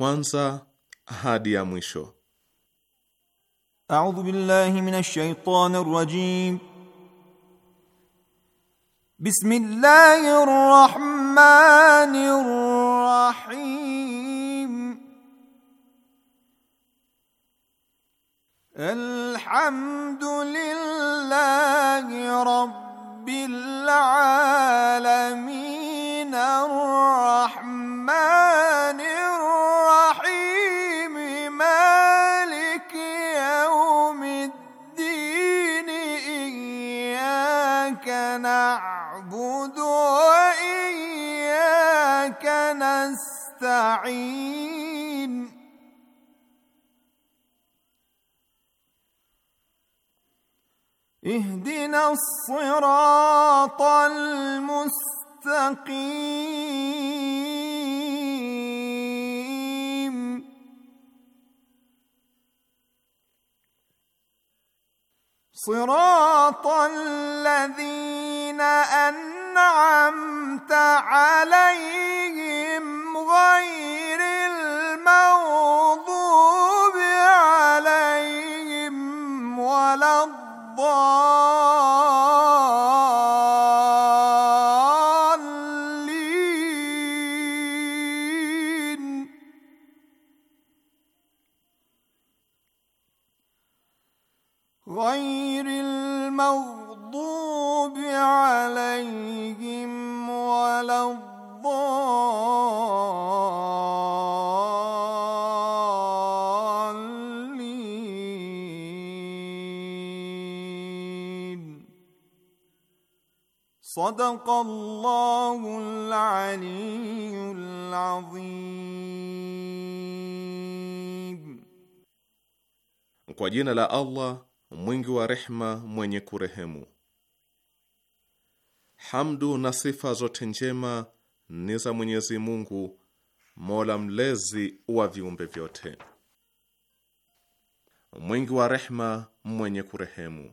kwanza hadi ya mwisho. A'udhu billahi minash shaitani rrajim. Bismillahir rahmanir حتى اهدنا الصراط المستقيم صراط الذين انعمت عليهم wine. Kwa jina la Allah mwingi wa rehma mwenye kurehemu. Hamdu na sifa zote njema ni za Mwenyezi Mungu mola mlezi wa viumbe vyote, mwingi wa rehma mwenye kurehemu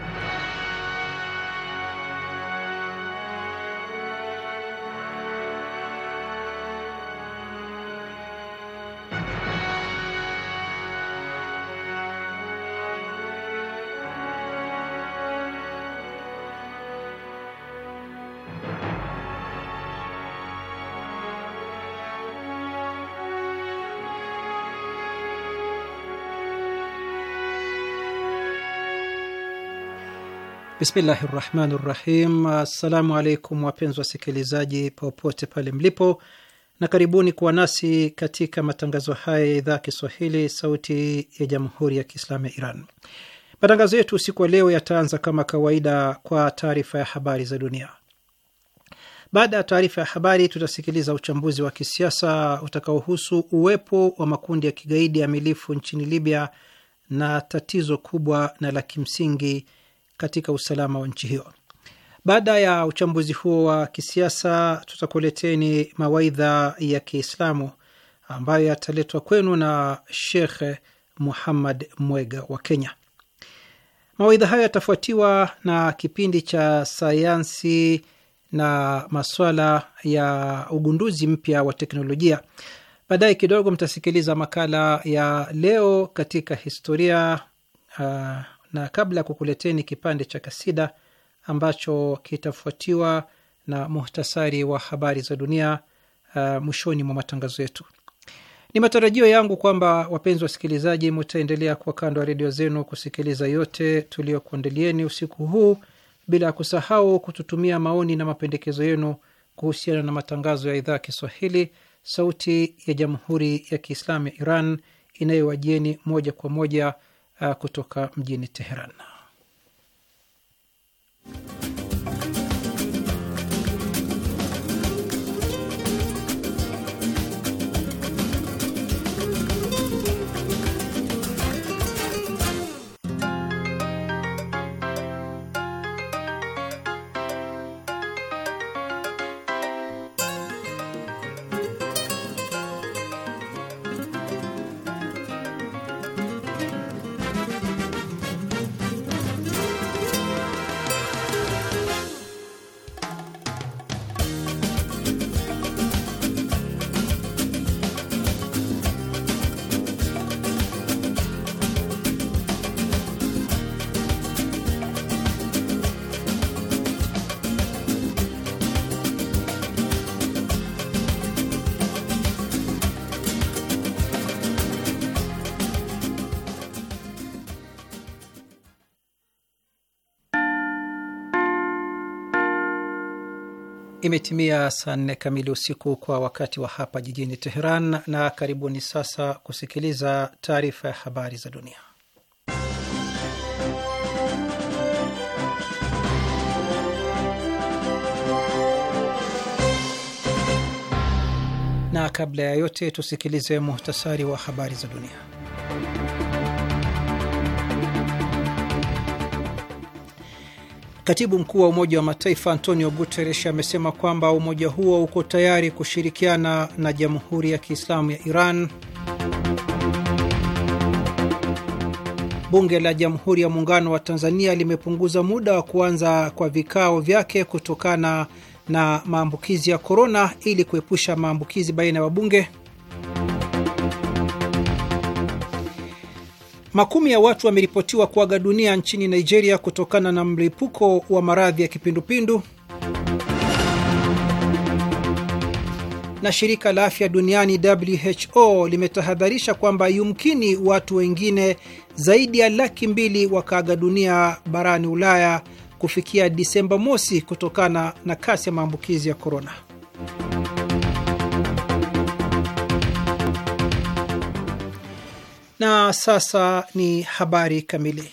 Bismillahi rahmani rahim. Assalamu alaikum wapenzi wasikilizaji popote pale mlipo, na karibuni kuwa nasi katika matangazo haya ya idhaa ya Kiswahili sauti ya jamhuri ya kiislamu ya Iran. Matangazo yetu usiku wa leo yataanza kama kawaida kwa taarifa ya habari za dunia. Baada ya taarifa ya habari, tutasikiliza uchambuzi wa kisiasa utakaohusu uwepo wa makundi ya kigaidi ya milifu nchini Libya na tatizo kubwa na la kimsingi katika usalama wa nchi hiyo. Baada ya uchambuzi huo wa kisiasa, tutakuleteni mawaidha ya Kiislamu ambayo yataletwa kwenu na Shekh Muhammad Mwega wa Kenya. Mawaidha hayo yatafuatiwa na kipindi cha sayansi na maswala ya ugunduzi mpya wa teknolojia. Baadaye kidogo mtasikiliza makala ya leo katika historia, uh, na kabla ya kukuleteni kipande cha kasida ambacho kitafuatiwa na muhtasari wa habari za dunia uh, mwishoni mwa matangazo yetu. Ni matarajio yangu kwamba wapenzi wasikilizaji, mutaendelea kuwa kando ya redio zenu kusikiliza yote tuliyokuandalieni usiku huu, bila ya kusahau kututumia maoni na mapendekezo yenu kuhusiana na matangazo ya idhaa ya Kiswahili, Sauti ya Jamhuri ya Kiislamu ya Iran inayowajieni moja kwa moja kutoka mjini Teheran. Imetimia saa nne kamili usiku kwa wakati wa hapa jijini Teheran, na karibuni sasa kusikiliza taarifa ya habari za dunia. Na kabla ya yote tusikilize muhtasari wa habari za dunia. Katibu mkuu wa Umoja wa Mataifa Antonio Guterres amesema kwamba umoja huo uko tayari kushirikiana na Jamhuri ya Kiislamu ya Iran. Bunge la Jamhuri ya Muungano wa Tanzania limepunguza muda wa kuanza kwa vikao vyake kutokana na maambukizi ya korona ili kuepusha maambukizi baina ya wabunge. Makumi ya watu wameripotiwa kuaga dunia nchini Nigeria kutokana na mlipuko wa maradhi ya kipindupindu. Na shirika la afya duniani WHO limetahadharisha kwamba yumkini watu wengine zaidi ya laki mbili wakaaga dunia barani Ulaya kufikia Disemba mosi kutokana na kasi ya maambukizi ya korona. Na sasa ni habari kamili.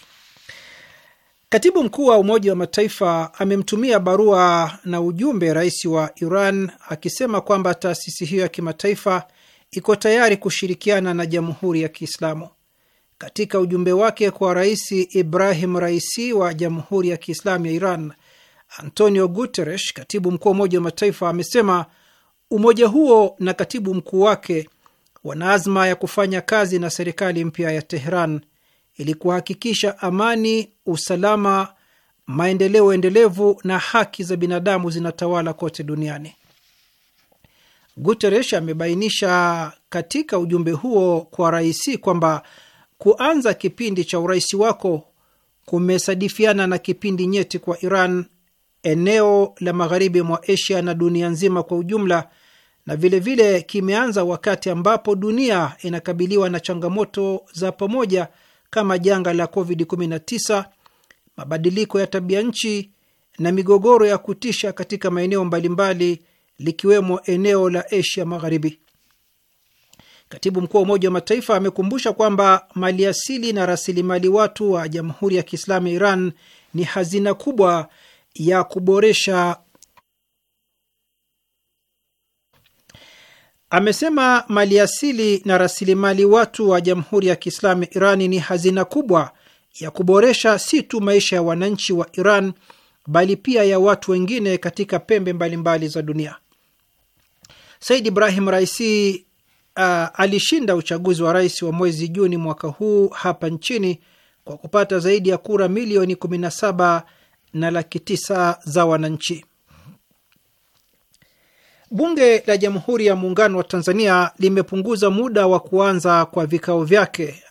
Katibu mkuu wa Umoja wa Mataifa amemtumia barua na ujumbe rais wa Iran akisema kwamba taasisi hiyo ya kimataifa iko tayari kushirikiana na Jamhuri ya Kiislamu. Katika ujumbe wake kwa Rais Ibrahim Raisi wa Jamhuri ya Kiislamu ya Iran, Antonio Guterres, katibu mkuu wa Umoja wa Mataifa, amesema umoja huo na katibu mkuu wake wana azma ya kufanya kazi na serikali mpya ya Tehran ili kuhakikisha amani, usalama, maendeleo endelevu na haki za binadamu zinatawala kote duniani. Guterres amebainisha katika ujumbe huo kwa rais kwamba kuanza kipindi cha urais wako kumesadifiana na kipindi nyeti kwa Iran, eneo la magharibi mwa Asia na dunia nzima kwa ujumla na vilevile kimeanza wakati ambapo dunia inakabiliwa na changamoto za pamoja kama janga la COVID-19, mabadiliko ya tabia nchi na migogoro ya kutisha katika maeneo mbalimbali likiwemo eneo la Asia Magharibi. Katibu mkuu wa Umoja wa Mataifa amekumbusha kwamba maliasili na rasilimali watu wa Jamhuri ya Kiislamu ya Iran ni hazina kubwa ya kuboresha Amesema maliasili na rasilimali watu wa Jamhuri ya Kiislamu Irani ni hazina kubwa ya kuboresha si tu maisha ya wananchi wa Iran bali pia ya watu wengine katika pembe mbalimbali mbali za dunia. Said Ibrahim Raisi uh, alishinda uchaguzi wa rais wa mwezi Juni mwaka huu hapa nchini kwa kupata zaidi ya kura milioni 17 na laki 9 za wananchi. Bunge la Jamhuri ya Muungano wa Tanzania limepunguza muda wa kuanza kwa vikao vyake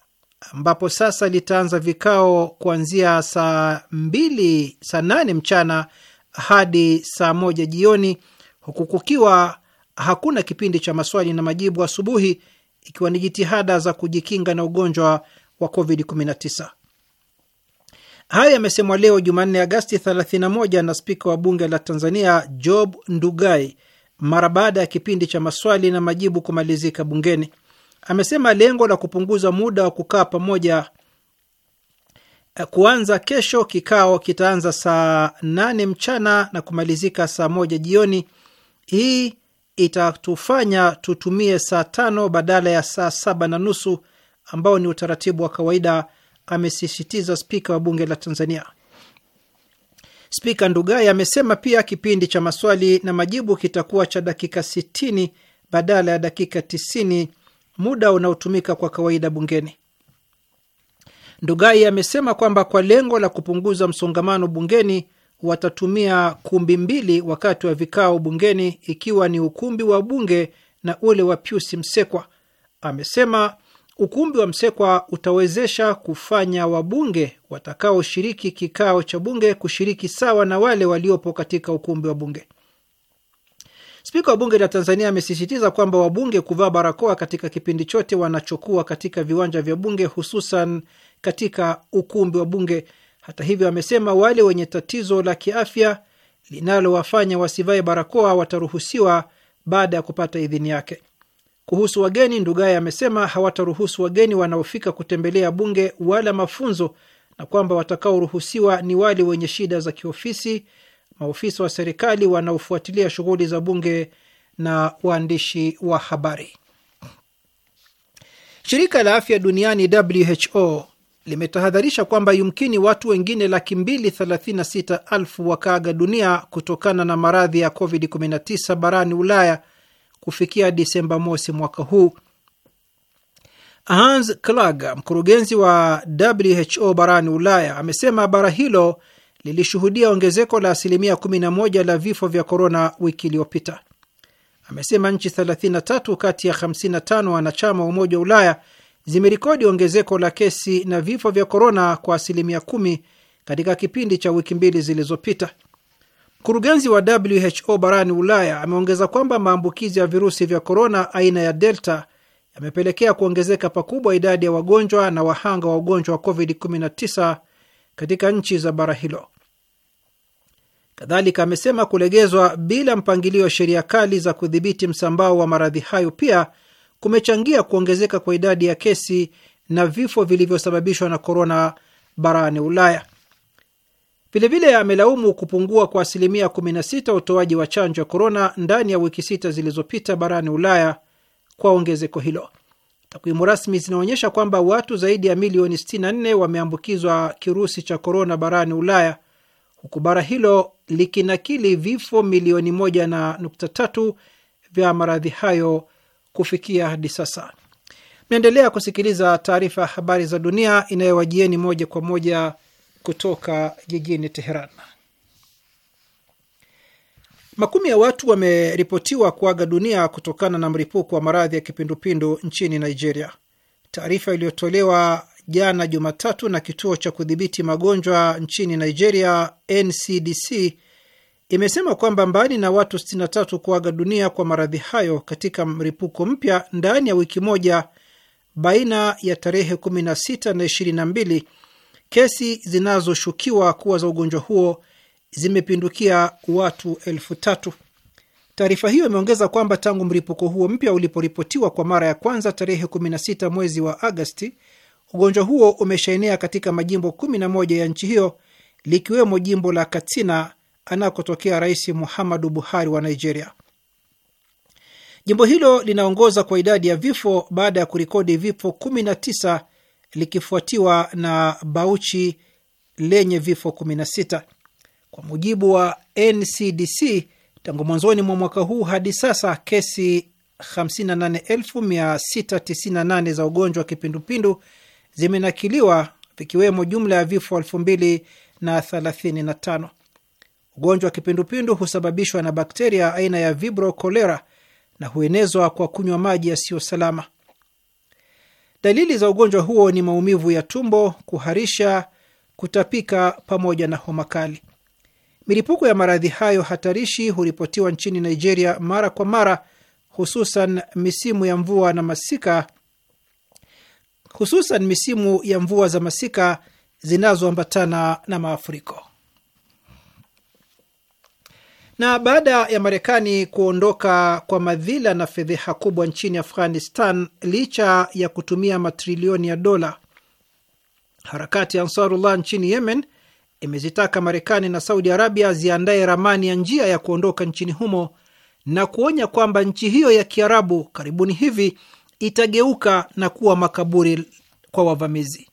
ambapo sasa litaanza vikao kuanzia saa mbili saa nane mchana hadi saa moja jioni huku kukiwa hakuna kipindi cha maswali na majibu asubuhi, ikiwa ni jitihada za kujikinga na ugonjwa wa COVID-19. Haya yamesemwa leo Jumanne, Agasti 31 na spika wa bunge la Tanzania Job Ndugai mara baada ya kipindi cha maswali na majibu kumalizika bungeni. Amesema lengo la kupunguza muda wa kukaa pamoja eh, kuanza kesho. Kikao kitaanza saa nane mchana na kumalizika saa moja jioni. Hii itatufanya tutumie saa tano badala ya saa saba na nusu ambao ni utaratibu wa kawaida, amesisitiza spika wa bunge la Tanzania. Spika Ndugai amesema pia kipindi cha maswali na majibu kitakuwa cha dakika 60 badala ya dakika 90, muda unaotumika kwa kawaida bungeni. Ndugai amesema kwamba kwa lengo la kupunguza msongamano bungeni watatumia kumbi mbili wakati wa vikao bungeni, ikiwa ni ukumbi wa bunge na ule wa Pius Msekwa. Amesema Ukumbi wa Msekwa utawezesha kufanya wabunge watakaoshiriki kikao cha bunge kushiriki sawa na wale waliopo katika ukumbi wa bunge. Spika wa bunge la Tanzania amesisitiza kwamba wabunge kuvaa barakoa katika kipindi chote wanachokuwa katika viwanja vya bunge, hususan katika ukumbi wa bunge. Hata hivyo, amesema wale wenye tatizo la kiafya linalowafanya wasivae barakoa wataruhusiwa baada ya kupata idhini yake. Kuhusu wageni, Ndugai amesema hawataruhusu wageni wanaofika kutembelea bunge wala mafunzo na kwamba watakaoruhusiwa ni wale wenye shida za kiofisi, maofisa wa serikali wanaofuatilia shughuli za bunge na waandishi wa habari. Shirika la afya duniani WHO limetahadharisha kwamba yumkini watu wengine laki mbili thelathini na sita elfu wakaaga dunia kutokana na maradhi ya COVID-19 barani Ulaya kufikia Disemba mosi mwaka huu. Hans Kluge, mkurugenzi wa WHO barani Ulaya, amesema bara hilo lilishuhudia ongezeko la asilimia 11 la vifo vya korona wiki iliyopita. Amesema nchi 33 kati ya 55 wanachama wa Umoja wa Ulaya zimerikodi ongezeko la kesi na vifo vya korona kwa asilimia 10 katika kipindi cha wiki mbili zilizopita. Mkurugenzi wa WHO barani Ulaya ameongeza kwamba maambukizi ya virusi vya korona aina ya Delta yamepelekea kuongezeka pakubwa idadi ya wagonjwa na wahanga wa ugonjwa wa COVID-19 katika nchi za bara hilo. Kadhalika amesema kulegezwa bila mpangilio wa sheria kali za kudhibiti msambao wa maradhi hayo pia kumechangia kuongezeka kwa idadi ya kesi na vifo vilivyosababishwa na korona barani Ulaya. Vilevile amelaumu kupungua kwa asilimia 16 utoaji wa chanjo ya korona ndani ya wiki sita zilizopita barani Ulaya kwa ongezeko hilo. Takwimu rasmi zinaonyesha kwamba watu zaidi ya milioni 64 wameambukizwa kirusi cha korona barani Ulaya, huku bara hilo likinakili vifo milioni 1.3 vya maradhi hayo kufikia hadi sasa. Mnaendelea kusikiliza taarifa ya habari za dunia inayowajieni moja kwa moja kutoka jijini Teheran. Makumi ya watu wameripotiwa kuaga dunia kutokana na mlipuko wa maradhi ya kipindupindu nchini Nigeria. Taarifa iliyotolewa jana Jumatatu na kituo cha kudhibiti magonjwa nchini Nigeria, NCDC, imesema kwamba mbali na watu 63 kuaga dunia kwa maradhi hayo katika mlipuko mpya ndani ya wiki moja baina ya tarehe 16 na Kesi zinazoshukiwa kuwa za ugonjwa huo zimepindukia watu elfu tatu. Taarifa hiyo imeongeza kwamba tangu mlipuko huo mpya uliporipotiwa kwa mara ya kwanza tarehe 16 mwezi wa Agasti, ugonjwa huo umeshaenea katika majimbo 11 ya nchi hiyo likiwemo jimbo la Katsina anakotokea Rais Muhammadu Buhari wa Nigeria. Jimbo hilo linaongoza kwa idadi ya vifo baada ya kurikodi vifo likifuatiwa na Bauchi lenye vifo 16. Kwa mujibu wa NCDC, tangu mwanzoni mwa mwaka huu hadi sasa kesi 58698 za ugonjwa wa kipindupindu zimenakiliwa vikiwemo jumla ya vifo 2035. Ugonjwa wa kipindupindu husababishwa na bakteria aina ya vibrocolera cholera na huenezwa kwa kunywa maji yasiyo salama. Dalili za ugonjwa huo ni maumivu ya tumbo, kuharisha, kutapika pamoja na homa kali. Milipuko ya maradhi hayo hatarishi huripotiwa nchini Nigeria mara kwa mara, hususan misimu ya mvua na masika, hususan misimu ya mvua za masika zinazoambatana na maafuriko. Na baada ya Marekani kuondoka kwa madhila na fedheha kubwa nchini Afghanistan, licha ya kutumia matrilioni ya dola, harakati ya Ansarullah nchini Yemen imezitaka Marekani na Saudi Arabia ziandaye ramani ya njia ya kuondoka nchini humo na kuonya kwamba nchi hiyo ya Kiarabu karibuni hivi itageuka na kuwa makaburi kwa wavamizi.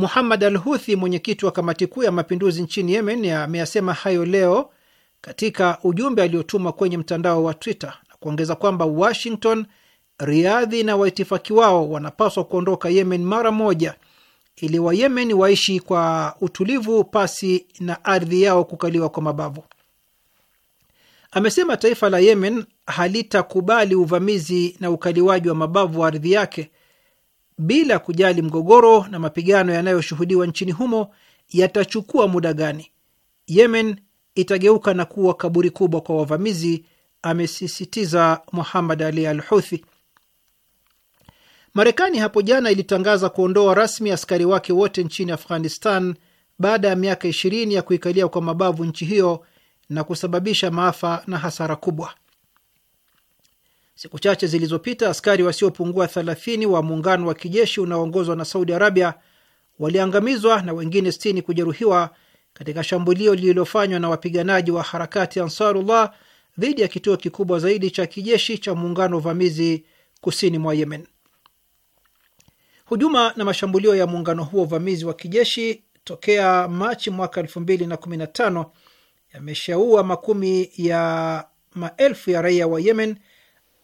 Muhammad al Huthi, mwenyekiti wa kamati kuu ya mapinduzi nchini Yemen, ameyasema hayo leo katika ujumbe aliotuma kwenye mtandao wa Twitter na kuongeza kwamba Washington, Riadhi na waitifaki wao wanapaswa kuondoka Yemen mara moja ili Wayemen waishi kwa utulivu pasi na ardhi yao kukaliwa kwa mabavu. Amesema taifa la Yemen halitakubali uvamizi na ukaliwaji wa mabavu wa ardhi yake bila kujali mgogoro na mapigano yanayoshuhudiwa nchini humo yatachukua muda gani, Yemen itageuka na kuwa kaburi kubwa kwa wavamizi, amesisitiza Muhammad Ali al Houthi. Marekani hapo jana ilitangaza kuondoa rasmi askari wake wote nchini Afghanistan baada ya miaka ishirini ya kuikalia kwa mabavu nchi hiyo na kusababisha maafa na hasara kubwa. Siku chache zilizopita askari wasiopungua 30 wa muungano wa kijeshi unaoongozwa na Saudi Arabia waliangamizwa na wengine 60 kujeruhiwa katika shambulio lililofanywa na wapiganaji wa harakati Ansarullah dhidi ya kituo kikubwa zaidi cha kijeshi cha muungano wa uvamizi kusini mwa Yemen. Hujuma na mashambulio ya muungano huo uvamizi wa kijeshi tokea Machi mwaka 2015 yameshaua makumi ya maelfu ya raia wa Yemen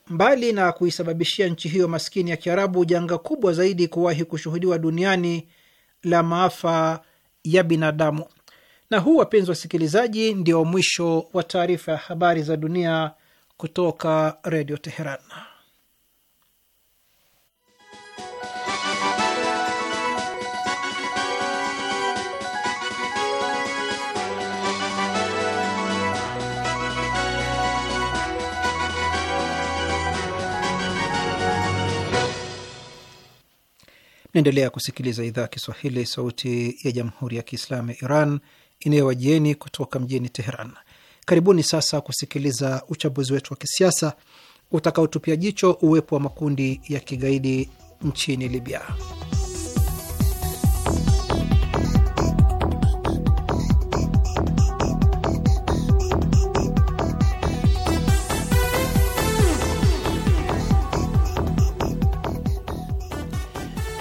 Mbali na kuisababishia nchi hiyo maskini ya Kiarabu janga kubwa zaidi kuwahi kushuhudiwa duniani la maafa ya binadamu. Na huu, wapenzi wasikilizaji, ndio mwisho wa taarifa ya habari za dunia kutoka Redio Teheran. Naendelea kusikiliza idhaa ya Kiswahili, sauti ya jamhuri ya kiislamu ya Iran inayowajieni kutoka mjini Teheran. Karibuni sasa kusikiliza uchambuzi wetu wa kisiasa utakaotupia jicho uwepo wa makundi ya kigaidi nchini Libya.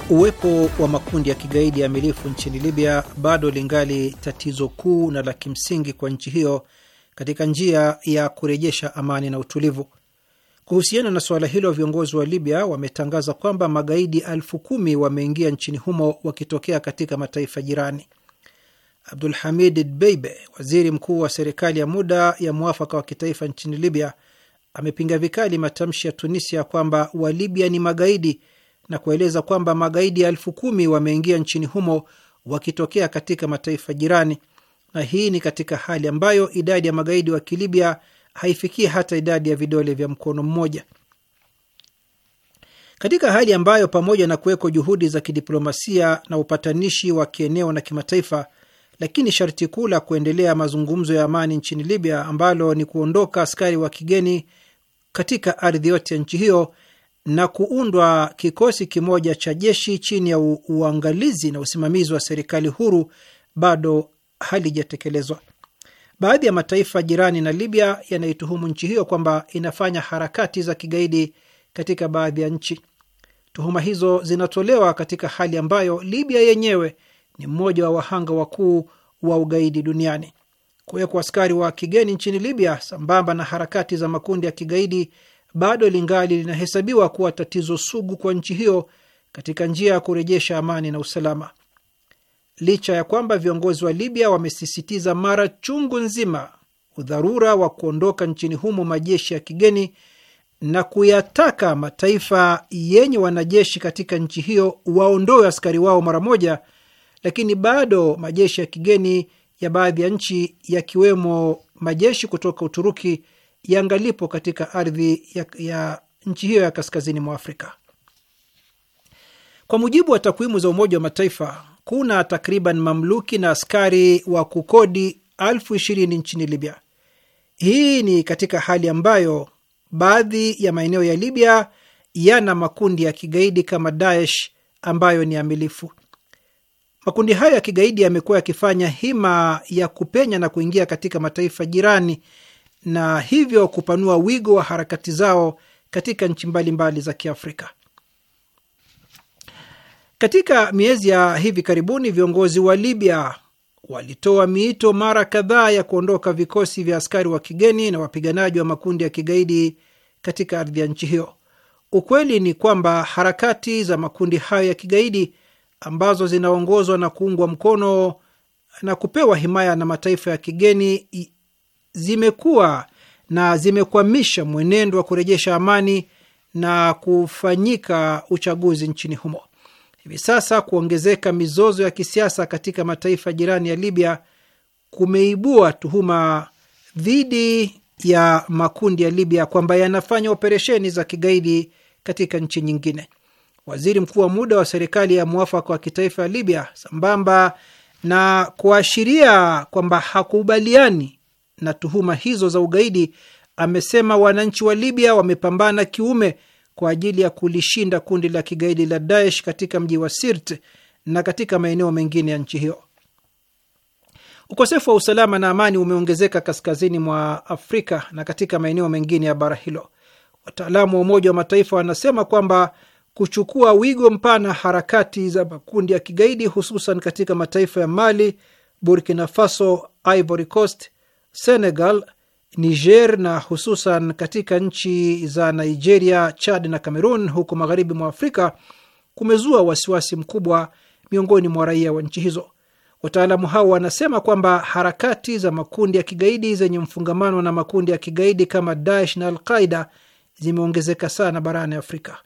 Uwepo wa makundi ya kigaidi milifu nchini Libya bado lingali tatizo kuu na la kimsingi kwa nchi hiyo katika njia ya kurejesha amani na utulivu. Kuhusiana na suala hilo, viongozi wa Libya wametangaza kwamba magaidi elfu kumi wameingia nchini humo wakitokea katika mataifa jirani. Abdul Hamid Dbeibe, waziri mkuu wa serikali ya muda ya mwafaka wa kitaifa nchini Libya, amepinga vikali matamshi ya Tunisia kwamba Walibya ni magaidi na kueleza kwamba magaidi ya elfu kumi wameingia nchini humo wakitokea katika mataifa jirani, na hii ni katika hali ambayo idadi ya magaidi wa Kilibya haifikii hata idadi ya vidole vya mkono mmoja, katika hali ambayo pamoja na kuweko juhudi za kidiplomasia na upatanishi wa kieneo na kimataifa, lakini sharti kuu la kuendelea mazungumzo ya amani nchini Libya ambalo ni kuondoka askari wa kigeni katika ardhi yote ya nchi hiyo na kuundwa kikosi kimoja cha jeshi chini ya uangalizi na usimamizi wa serikali huru bado halijatekelezwa. Baadhi ya mataifa jirani na Libya yanaituhumu nchi hiyo kwamba inafanya harakati za kigaidi katika baadhi ya nchi. Tuhuma hizo zinatolewa katika hali ambayo Libya yenyewe ni mmoja wa wahanga wakuu wa ugaidi duniani. Kuwekwa askari wa kigeni nchini Libya sambamba na harakati za makundi ya kigaidi bado lingali linahesabiwa kuwa tatizo sugu kwa nchi hiyo katika njia ya kurejesha amani na usalama, licha ya kwamba viongozi wa Libya wamesisitiza mara chungu nzima udharura wa kuondoka nchini humo majeshi ya kigeni na kuyataka mataifa yenye wanajeshi katika nchi hiyo waondoe askari wao mara moja, lakini bado majeshi ya kigeni ya baadhi ya nchi yakiwemo majeshi kutoka Uturuki yangalipo katika ardhi ya, ya nchi hiyo ya kaskazini mwa Afrika. Kwa mujibu wa takwimu za Umoja wa Mataifa, kuna takriban mamluki na askari wa kukodi elfu ishirini nchini Libya. Hii ni katika hali ambayo baadhi ya maeneo ya Libya yana makundi ya kigaidi kama Daesh ambayo ni amilifu. Makundi hayo ya kigaidi yamekuwa yakifanya hima ya kupenya na kuingia katika mataifa jirani na hivyo kupanua wigo wa harakati zao katika nchi mbalimbali za Kiafrika. Katika miezi ya hivi karibuni, viongozi wa Libya walitoa miito mara kadhaa ya kuondoka vikosi vya askari wa kigeni na wapiganaji wa makundi ya kigaidi katika ardhi ya nchi hiyo. Ukweli ni kwamba harakati za makundi hayo ya kigaidi ambazo zinaongozwa na kuungwa mkono na kupewa himaya na mataifa ya kigeni zimekuwa na zimekwamisha mwenendo wa kurejesha amani na kufanyika uchaguzi nchini humo. Hivi sasa kuongezeka mizozo ya kisiasa katika mataifa jirani ya Libya kumeibua tuhuma dhidi ya makundi ya Libya kwamba yanafanya operesheni za kigaidi katika nchi nyingine. Waziri mkuu wa muda wa serikali ya mwafaka wa kitaifa ya Libya, sambamba na kuashiria kwamba hakubaliani na tuhuma hizo za ugaidi, amesema wananchi wa Libya wamepambana kiume kwa ajili ya kulishinda kundi la kigaidi la Daesh katika mji wa Sirte na katika maeneo mengine ya nchi hiyo. Ukosefu wa usalama na amani umeongezeka kaskazini mwa Afrika na katika maeneo mengine ya bara hilo. Wataalamu wa Umoja wa Mataifa wanasema kwamba kuchukua wigo mpana harakati za makundi ya kigaidi hususan katika mataifa ya Mali, Burkina Faso, Ivory Coast, Senegal, Niger na hususan katika nchi za Nigeria, Chad na Cameroon huko magharibi mwa Afrika kumezua wasiwasi mkubwa miongoni mwa raia wa nchi hizo. Wataalamu hao wanasema kwamba harakati za makundi ya kigaidi zenye mfungamano na makundi ya kigaidi kama Daesh na Alqaida zimeongezeka sana barani Afrika.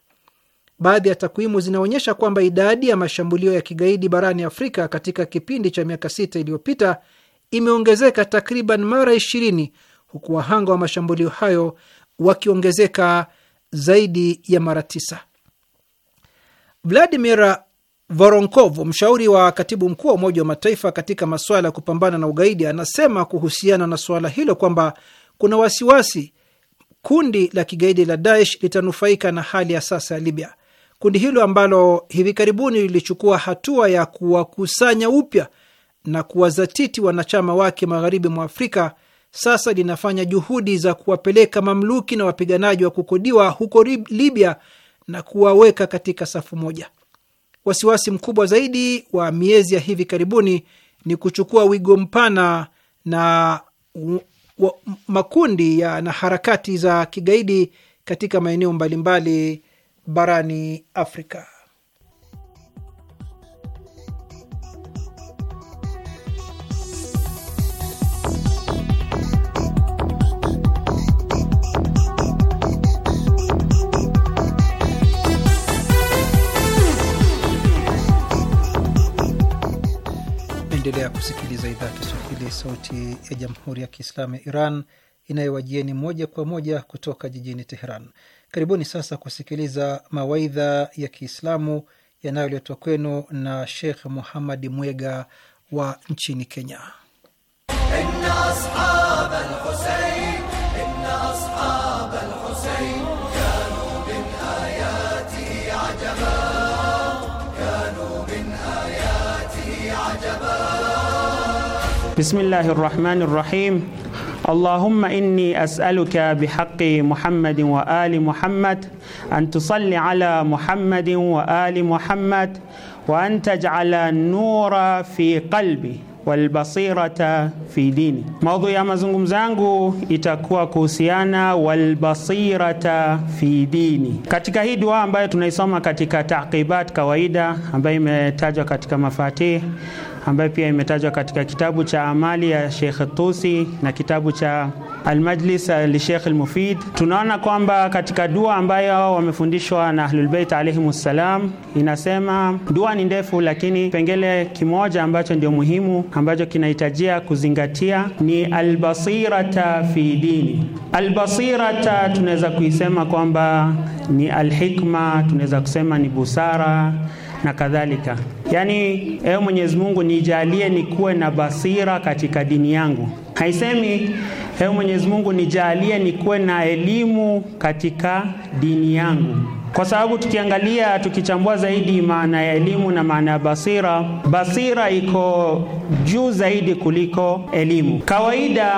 Baadhi ya takwimu zinaonyesha kwamba idadi ya mashambulio ya kigaidi barani Afrika katika kipindi cha miaka sita iliyopita imeongezeka takriban mara ishirini huku wahanga wa mashambulio hayo wakiongezeka zaidi ya mara tisa. Vladimir Voronkov, mshauri wa katibu mkuu wa Umoja wa Mataifa katika masuala ya kupambana na ugaidi, anasema kuhusiana na suala hilo kwamba kuna wasiwasi kundi la kigaidi la Daesh litanufaika na hali ya sasa ya Libya. Kundi hilo ambalo hivi karibuni lilichukua hatua ya kuwakusanya upya na kuwazatiti wanachama wake magharibi mwa Afrika, sasa linafanya juhudi za kuwapeleka mamluki na wapiganaji wa kukodiwa huko Libya na kuwaweka katika safu moja. Wasiwasi mkubwa zaidi wa miezi ya hivi karibuni ni kuchukua wigo mpana na makundi ya na harakati za kigaidi katika maeneo mbalimbali barani Afrika. Unaendelea kusikiliza idhaa ya Kiswahili, sauti ya jamhuri ya kiislamu ya Iran inayowajieni moja kwa moja kutoka jijini Teheran. Karibuni sasa kusikiliza mawaidha ya Kiislamu yanayoletwa kwenu na shekh Muhammadi Mwega wa nchini Kenya. بسم الله الرحمن الرحيم اللهم اني اسالك بحق محمد وال محمد ان تصلي على محمد وال محمد وان تجعل النور في قلبي والبصيره في ديني موضوع يا مزغومزانغو itakuwa كوسيانا والبصيرة في ديني katika هي دواء ambayo tunaisoma katika تعقيبات kawaida ambayo imetajwa katika مفاتيح ambayo pia imetajwa katika kitabu cha amali ya Sheikh Tusi na kitabu cha Almajlis Lishekh Lmufid. Tunaona kwamba katika dua ambayo wamefundishwa na Ahlulbeit alaihim ssalam, inasema dua ni ndefu, lakini kipengele kimoja ambacho ndio muhimu ambacho kinahitajia kuzingatia ni albasirata fi dini. Albasirata tunaweza kuisema kwamba ni alhikma, tunaweza kusema ni busara na kadhalika. Yaani, ewe Mwenyezi Mungu nijalie nikuwe na basira katika dini yangu. Haisemi ewe Mwenyezi Mungu nijalie nikuwe na elimu katika dini yangu kwa sababu tukiangalia tukichambua zaidi maana ya elimu na maana ya basira, basira iko juu zaidi kuliko elimu. Kawaida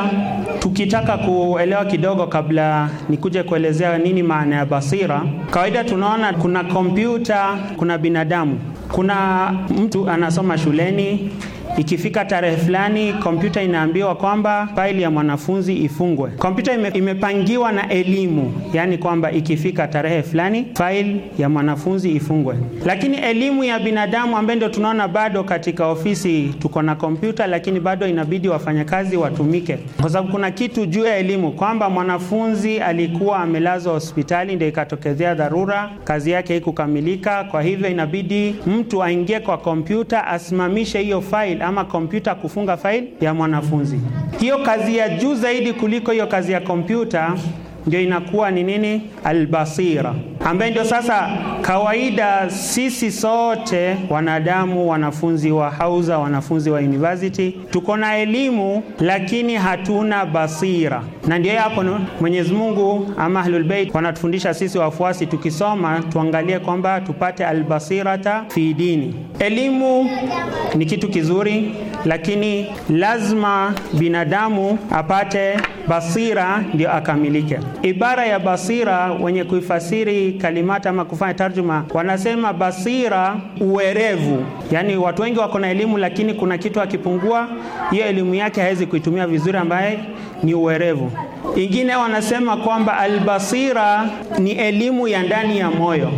tukitaka kuelewa kidogo, kabla nikuje kuelezea nini maana ya basira, kawaida tunaona kuna kompyuta, kuna binadamu, kuna mtu anasoma shuleni Ikifika tarehe fulani, kompyuta inaambiwa kwamba faili ya mwanafunzi ifungwe. Kompyuta ime, imepangiwa na elimu, yaani kwamba ikifika tarehe fulani, faili ya mwanafunzi ifungwe. Lakini elimu ya binadamu ambayo ndio tunaona bado katika ofisi tuko na kompyuta, lakini bado inabidi wafanyakazi watumike, kwa sababu kuna kitu juu ya elimu kwamba mwanafunzi alikuwa amelazwa hospitali, ndio ikatokezea dharura, kazi yake ikukamilika. Kwa hivyo inabidi mtu aingie kwa kompyuta asimamishe hiyo faili file ama kompyuta kufunga file ya mwanafunzi. Hiyo kazi ya juu zaidi kuliko hiyo kazi ya kompyuta ndio inakuwa ni nini? Albasira, ambaye ndio sasa kawaida sisi sote wanadamu, wanafunzi wa hauza, wanafunzi wa university, tuko na elimu lakini hatuna basira, na ndio hapo Mwenyezi Mungu ama Ahlul Bait wanatufundisha sisi wafuasi, tukisoma tuangalie kwamba tupate albasirata fi dini. Elimu ni kitu kizuri, lakini lazima binadamu apate basira ndio akamilike. Ibara ya basira, wenye kuifasiri kalimata ama kufanya tarjuma wanasema basira, uwerevu. Yani watu wengi wako na elimu, lakini kuna kitu akipungua, hiyo elimu yake hawezi kuitumia vizuri, ambaye ni uwerevu. Ingine wanasema kwamba albasira ni elimu ya ndani ya moyo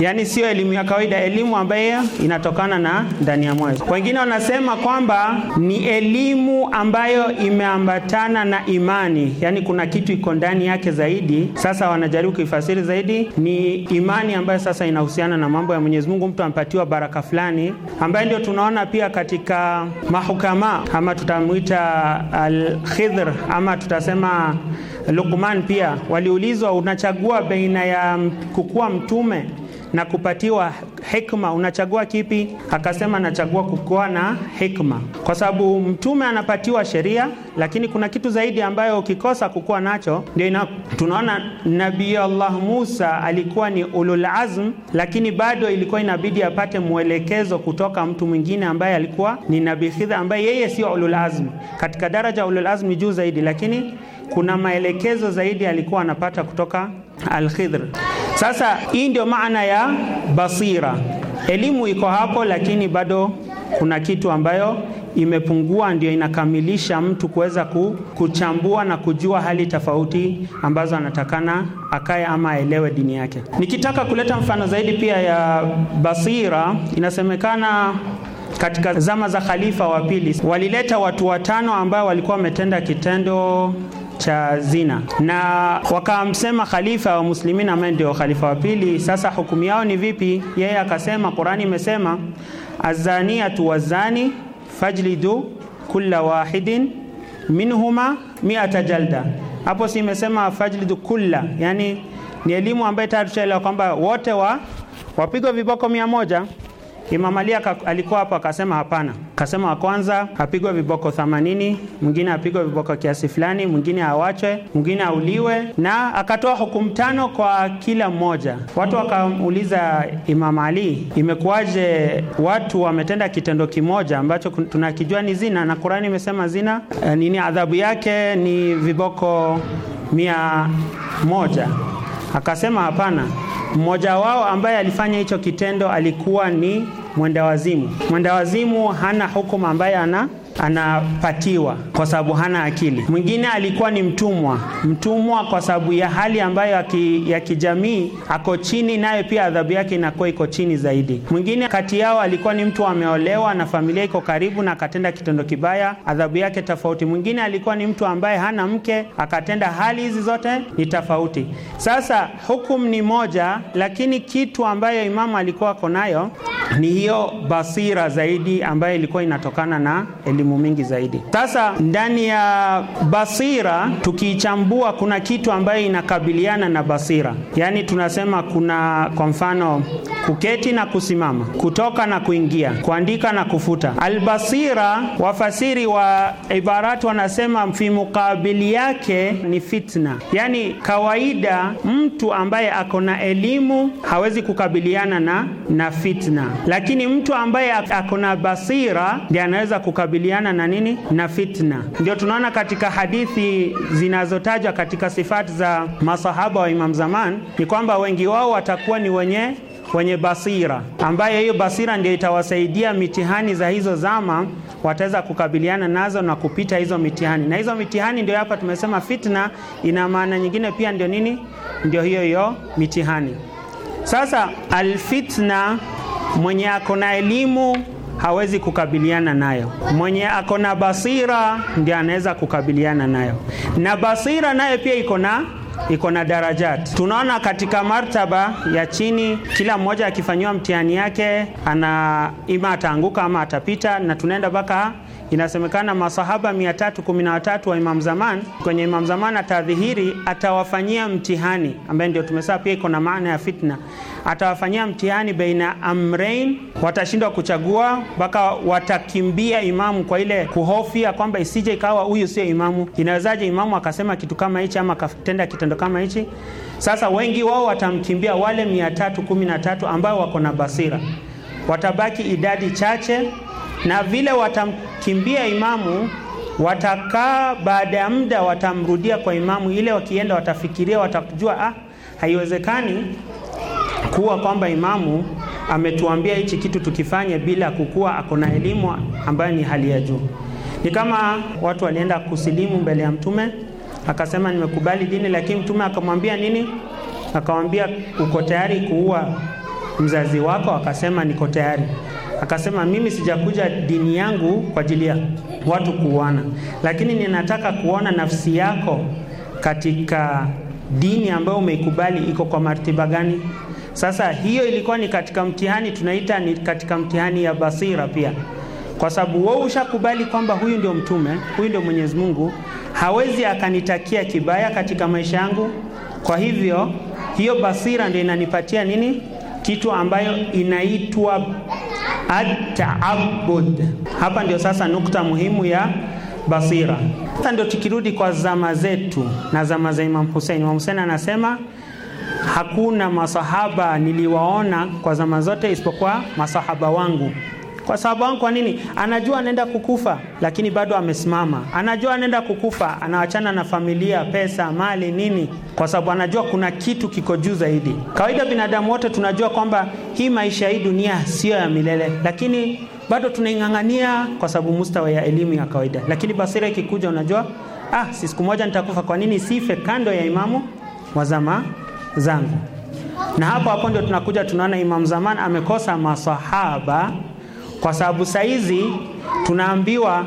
yaani sio elimu ya kawaida, elimu ambayo inatokana na ndani ya moyo. Wengine wanasema kwamba ni elimu ambayo imeambatana na imani, yaani kuna kitu iko ndani yake zaidi. Sasa wanajaribu kuifasiri zaidi, ni imani ambayo sasa inahusiana na mambo ya Mwenyezi Mungu, mtu ampatiwa baraka fulani, ambayo ndio tunaona pia katika mahukama ama tutamwita al-Khidr ama tutasema Luqman. Pia waliulizwa, unachagua baina ya kukuwa mtume na kupatiwa hikma, unachagua kipi? Akasema nachagua kukuwa na hikma, kwa sababu mtume anapatiwa sheria, lakini kuna kitu zaidi ambayo ukikosa kukuwa nacho ndio tunaona Nabii Allah Musa alikuwa ni ulul azm, lakini bado ilikuwa inabidi apate mwelekezo kutoka mtu mwingine ambaye alikuwa ni Nabii Khidha, ambaye yeye sio ulul azm. Katika daraja ulul azm ni juu zaidi, lakini kuna maelekezo zaidi alikuwa anapata kutoka Alkhidr. Sasa hii ndio maana ya basira. Elimu iko hapo, lakini bado kuna kitu ambayo imepungua, ndio inakamilisha mtu kuweza kuchambua na kujua hali tofauti ambazo anatakana akae ama aelewe dini yake. Nikitaka kuleta mfano zaidi pia ya basira, inasemekana katika zama za khalifa wa pili walileta watu watano ambao walikuwa wametenda kitendo cha zina, na wakamsema khalifa wa muslimina ambaye ndio khalifa wa pili, sasa hukumu yao ni vipi? Yeye akasema Qurani imesema azaniatu wazani fajlidu kulla wahidin minhuma miata jalda. Hapo si imesema fajlidu kulla, yani ni elimu ambayo tayari tushaelewa kwamba wote wa wapigwa viboko mia moja. Imam Ali alikuwa hapo, akasema hapana. Akasema wa kwanza apigwe viboko 80, mwingine apigwe viboko kiasi fulani, mwingine awachwe, mwingine auliwe, na akatoa hukumu tano kwa kila mmoja. Watu wakamuuliza Imam Ali, imekuwaje watu wametenda kitendo kimoja ambacho tunakijua ni zina na Qur'ani imesema zina nini eh, adhabu yake ni viboko mia moja. Akasema hapana mmoja wao ambaye alifanya hicho kitendo alikuwa ni mwendawazimu. Mwendawazimu hana hukumu ambaye ana anapatiwa kwa sababu hana akili. Mwingine alikuwa ni mtumwa, mtumwa kwa sababu ya hali ambayo ya, kijamii ako chini, nayo pia adhabu yake inakuwa iko chini zaidi. Mwingine kati yao alikuwa ni mtu ameolewa na familia iko karibu na akatenda kitendo kibaya, adhabu yake tofauti. Mwingine alikuwa ni mtu ambaye hana mke akatenda, hali hizi zote ni tofauti. Sasa hukumu ni moja, lakini kitu ambayo imamu alikuwa ako nayo ni hiyo basira zaidi ambayo ilikuwa inatokana na elimu elimu mingi zaidi. Sasa ndani ya basira tukiichambua, kuna kitu ambayo inakabiliana na basira, yaani tunasema kuna kwa mfano kuketi na kusimama, kutoka na kuingia, kuandika na kufuta. Albasira, wafasiri wa ibarati wanasema fi mukabili yake ni fitna, yaani kawaida mtu ambaye ako na elimu hawezi kukabiliana na, na fitna, lakini mtu ambaye ako na basira ndiye anaweza kukabiliana kuhusiana na nini? Na fitna. Ndio tunaona katika hadithi zinazotajwa katika sifati za masahaba wa Imam Zaman ni kwamba wengi wao watakuwa ni wenye wenye basira ambayo hiyo basira ndio itawasaidia mitihani za hizo zama, wataweza kukabiliana nazo na kupita hizo mitihani. Na hizo mitihani ndio hapa tumesema fitna ina maana nyingine pia, ndio nini? Ndio hiyo hiyo mitihani. Sasa alfitna, mwenye ako na elimu hawezi kukabiliana nayo. Mwenye ako na basira ndiye anaweza kukabiliana nayo, na basira nayo pia iko na iko na darajati. Tunaona katika martaba ya chini, kila mmoja akifanyiwa mtihani yake, ana ima ataanguka ama atapita, na tunaenda mpaka Inasemekana masahaba 313 wa Imam Zaman, kwenye Imam Zaman atadhihiri, atawafanyia mtihani, ambaye ndio tumesaa pia iko na maana ya fitna. Atawafanyia mtihani baina amrain, watashindwa kuchagua mpaka watakimbia imamu kwa ile kuhofia kwamba isije ikawa huyu sio imamu. Inawezaje imamu akasema kitu kama hichi ama akatenda kitendo kama hichi? Sasa wengi wao watamkimbia, wale 313 ambao wako na basira, watabaki idadi chache na vile watamkimbia imamu watakaa baada ya muda watamrudia kwa imamu ile, wakienda watafikiria, watakujua ah, haiwezekani kuwa kwamba imamu ametuambia hichi kitu tukifanye bila kukuwa ako na elimu ambayo ni hali ya juu. Ni kama watu walienda kusilimu mbele ya Mtume, akasema nimekubali dini, lakini Mtume akamwambia nini? Akamwambia uko tayari kuua mzazi wako? Akasema niko tayari. Akasema mimi sijakuja dini yangu kwa ajili ya watu kuona, lakini ninataka kuona nafsi yako katika dini ambayo umeikubali iko kwa martiba gani? Sasa hiyo ilikuwa ni katika mtihani, tunaita ni katika mtihani ya basira pia, kwa sababu wewe ushakubali kwamba huyu ndio mtume, huyu ndio Mwenyezi Mungu, hawezi akanitakia kibaya katika maisha yangu. Kwa hivyo hiyo basira ndio inanipatia nini kitu ambayo inaitwa ataabud. Hapa ndio sasa nukta muhimu ya basira. Sasa ndio tukirudi kwa zama zetu na zama za Imam Husein, Imam Husein anasema hakuna masahaba niliwaona kwa zama zote isipokuwa masahaba wangu kwa sababu wangu kwa nini? Anajua anaenda kukufa, lakini bado amesimama. Anajua anaenda kukufa, anawachana na familia, pesa, mali, nini, kwa sababu anajua kuna kitu kiko juu zaidi. Kawaida binadamu wote tunajua kwamba hii maisha hii dunia siyo ya milele, lakini bado tunaing'ang'ania kwa sababu mustawa ya elimu ya kawaida. Lakini basira ikikuja, unajua ah, si siku moja nitakufa, kwa nini sife kando ya imamu wa zama zangu? Na hapo hapo ndio tunakuja tunaona Imam Zaman amekosa masahaba kwa sababu saizi tunaambiwa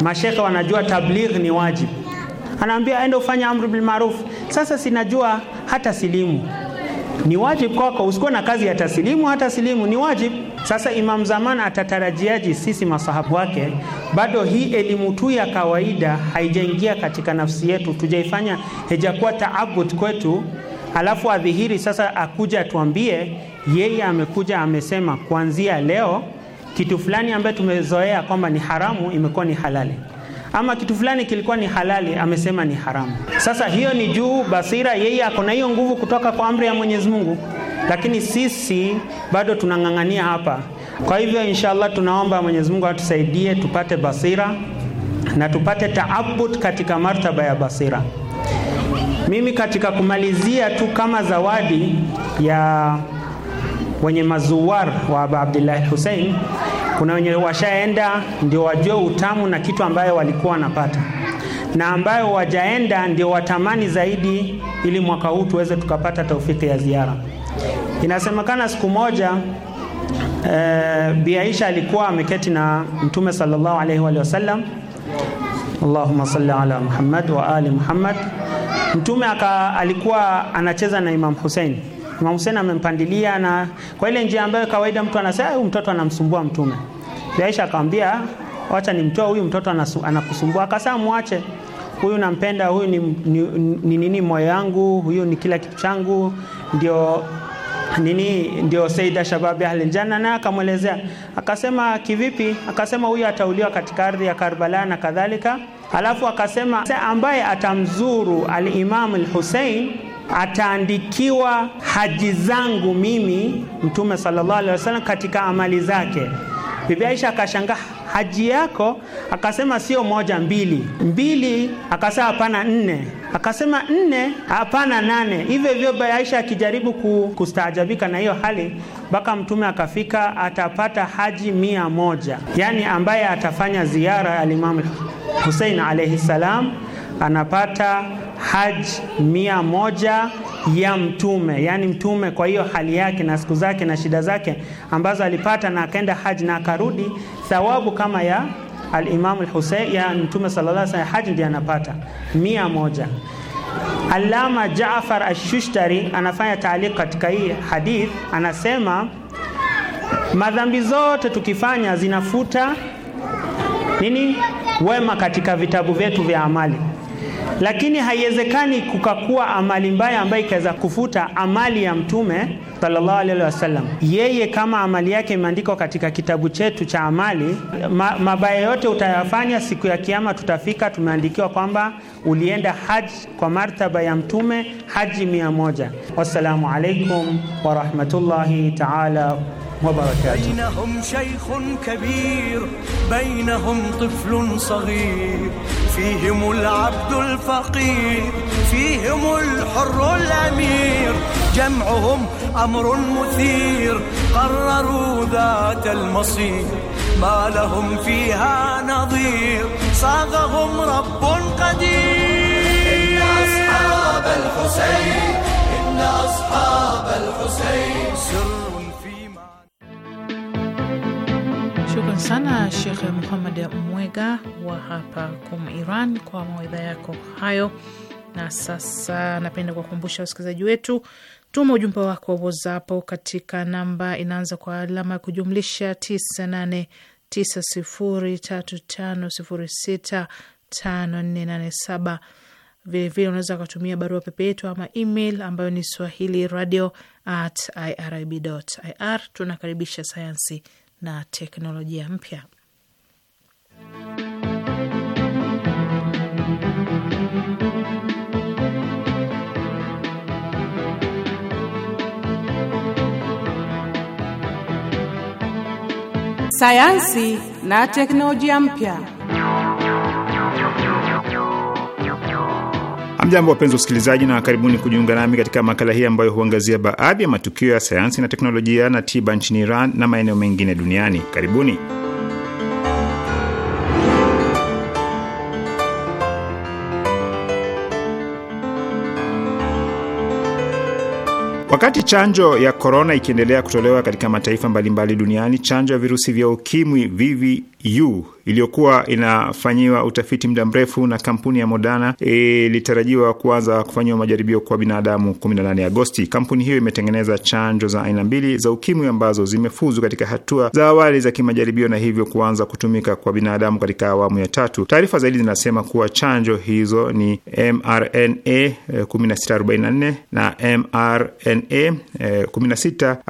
mashekhe wanajua tabligh ni wajibu, anaambia aende ufanya amri bil maruf. Sasa sinajua hata silimu ni wajibu kwako, usikuwa na kazi ya tasilimu. Hata silimu ni wajibu. Sasa Imam Zaman atatarajiaji sisi masahabu wake? Bado hii elimu tu ya kawaida haijaingia katika nafsi yetu, tujaifanya, hejakuwa taabud kwetu, alafu adhihiri sasa akuja atuambie yeye amekuja amesema kuanzia leo kitu fulani ambaye tumezoea kwamba ni haramu imekuwa ni halali, ama kitu fulani kilikuwa ni halali amesema ni haramu. Sasa hiyo ni juu basira, yeye ako na hiyo nguvu kutoka kwa amri ya Mwenyezi Mungu, lakini sisi bado tunang'ang'ania hapa. Kwa hivyo inshallah, tunaomba Mwenyezi Mungu atusaidie tupate basira na tupate taabud katika martaba ya basira. Mimi katika kumalizia tu kama zawadi ya wenye mazuwar wa Aba Abdillahi Hussein, kuna wenye washaenda ndio wajue utamu na kitu ambayo walikuwa wanapata na ambayo wajaenda ndio watamani zaidi, ili mwaka huu tuweze tukapata taufiki ya ziara. Inasemekana siku moja e, Bi Aisha alikuwa ameketi na Mtume sallallahu alaihi wa sallam, Allahumma salli ala Muhammad wa ali Muhammad. Mtume alikuwa anacheza na Imam Hussein Imam Hussein amempandilia na kwa ile njia ambayo kawaida mtu anasema huyu mtoto anamsumbua Mtume. Aisha akamwambia wacha nimtoe huyu mtoto anakusumbua. Akasema muache, huyu nampenda, huyu ni nini, ni, ni moyo wangu, huyu ni kila kitu changu, ndio nini ndio Saida shababi Ahlul janna. Na akamwelezea akasema, kivipi? Akasema huyu atauliwa katika ardhi ya Karbala na kadhalika. Alafu akasema ambaye atamzuru al-Imam al-Hussein ataandikiwa haji zangu mimi Mtume sallallahu alaihi wasallam katika amali zake. Bibi Aisha akashangaa, haji yako? Akasema sio moja, mbili. Mbili? Akasema hapana, nne. Akasema nne? Hapana, nane. Hivyo hivyo, Bibi Aisha akijaribu kustaajabika na hiyo hali, mpaka Mtume akafika atapata haji mia moja, yani ambaye atafanya ziara Alimamu Husein alaihi salam anapata Haj mia moja ya Mtume, yaani Mtume kwa hiyo hali yake na siku zake na shida zake ambazo alipata na akaenda haji na akarudi, thawabu kama ya al-Imam al-Husayn ya Mtume sallallahu alaihi wasallam, haji anapata mia moja. Alama Jaafar ashushtari anafanya taalik katika hii hadith, anasema madhambi zote tukifanya zinafuta nini wema katika vitabu vyetu vya amali lakini haiwezekani kukakuwa amali mbaya ambayo ikaweza kufuta amali ya Mtume sallallahu alaihi wasallam. Yeye kama amali yake imeandikwa katika kitabu chetu cha amali, ma, mabaya yote utayafanya siku ya Kiyama tutafika, tumeandikiwa kwamba ulienda haji kwa martaba ya Mtume, haji mia moja. Wassalamu alaikum warahmatullahi taala وبركاته بينهم شيخ كبير بينهم طفل صغير فيهم العبد الفقير فيهم الحر الأمير جمعهم أمر مثير قرروا ذات المصير ما لهم فيها نظير صاغهم رب قدير إن أصحاب الحسين إن أصحاب الحسين سر Shukran sana Shekhe muhamad Mwega wa hapa Kum, Iran, kwa mawaidha yako hayo. Na sasa napenda kuwakumbusha wasikilizaji wetu, tuma ujumbe wako wozapo katika namba inaanza kwa alama ya kujumlisha 989035065487. Vilevile unaweza ukatumia barua pepe yetu ama email ambayo ni swahili radio at Tunakaribisha sayansi na teknolojia mpya. Sayansi na teknolojia mpya. Mjambo, wapenzi wasikilizaji, na karibuni kujiunga nami katika makala hii ambayo huangazia baadhi ya matukio ya sayansi na teknolojia na tiba nchini Iran na maeneo mengine duniani. Karibuni. Wakati chanjo ya korona ikiendelea kutolewa katika mataifa mbalimbali duniani, chanjo ya virusi vya ukimwi VVIP u iliyokuwa inafanyiwa utafiti muda mrefu na kampuni ya Moderna ilitarajiwa kuanza kufanyiwa majaribio kwa binadamu 18 Agosti. Kampuni hiyo imetengeneza chanjo za aina mbili za ukimwi ambazo zimefuzu katika hatua za awali za kimajaribio na hivyo kuanza kutumika kwa binadamu katika awamu ya tatu. Taarifa zaidi zinasema kuwa chanjo hizo ni mRNA 1644 eh, na mRNA 1644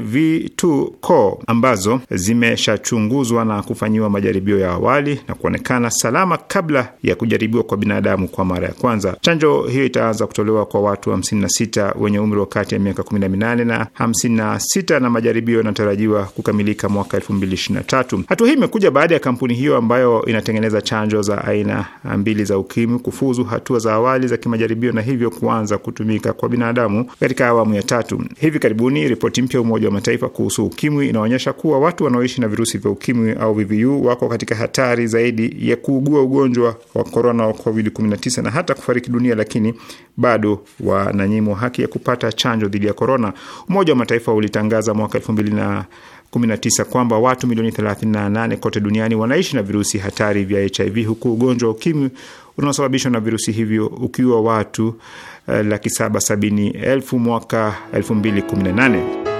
V2 co ambazo zimeshachunguzwa na kufa kufanyiwa majaribio ya awali na kuonekana salama kabla ya kujaribiwa kwa binadamu kwa mara ya kwanza. Chanjo hiyo itaanza kutolewa kwa watu 56 wenye umri wa kati ya miaka 18 na 56 na majaribio yanatarajiwa kukamilika mwaka 2023. Hatua hii imekuja baada ya kampuni hiyo ambayo inatengeneza chanjo za aina mbili za ukimwi kufuzu hatua za awali za kimajaribio na hivyo kuanza kutumika kwa binadamu katika awamu ya tatu. Hivi karibuni ripoti mpya Umoja wa Mataifa kuhusu ukimwi inaonyesha kuwa watu wanaoishi na virusi vya ukimwi au vivi VVU wako katika hatari zaidi ya kuugua ugonjwa wa korona wa COVID-19 na hata kufariki dunia, lakini bado wananyimwa haki ya kupata chanjo dhidi ya korona. Umoja wa Mataifa ulitangaza mwaka 2019 kwamba watu milioni 38 kote duniani wanaishi na virusi hatari vya HIV, huku ugonjwa wa ukimwi unaosababishwa na virusi hivyo ukiwa watu uh, laki saba sabini elfu mwaka 2018.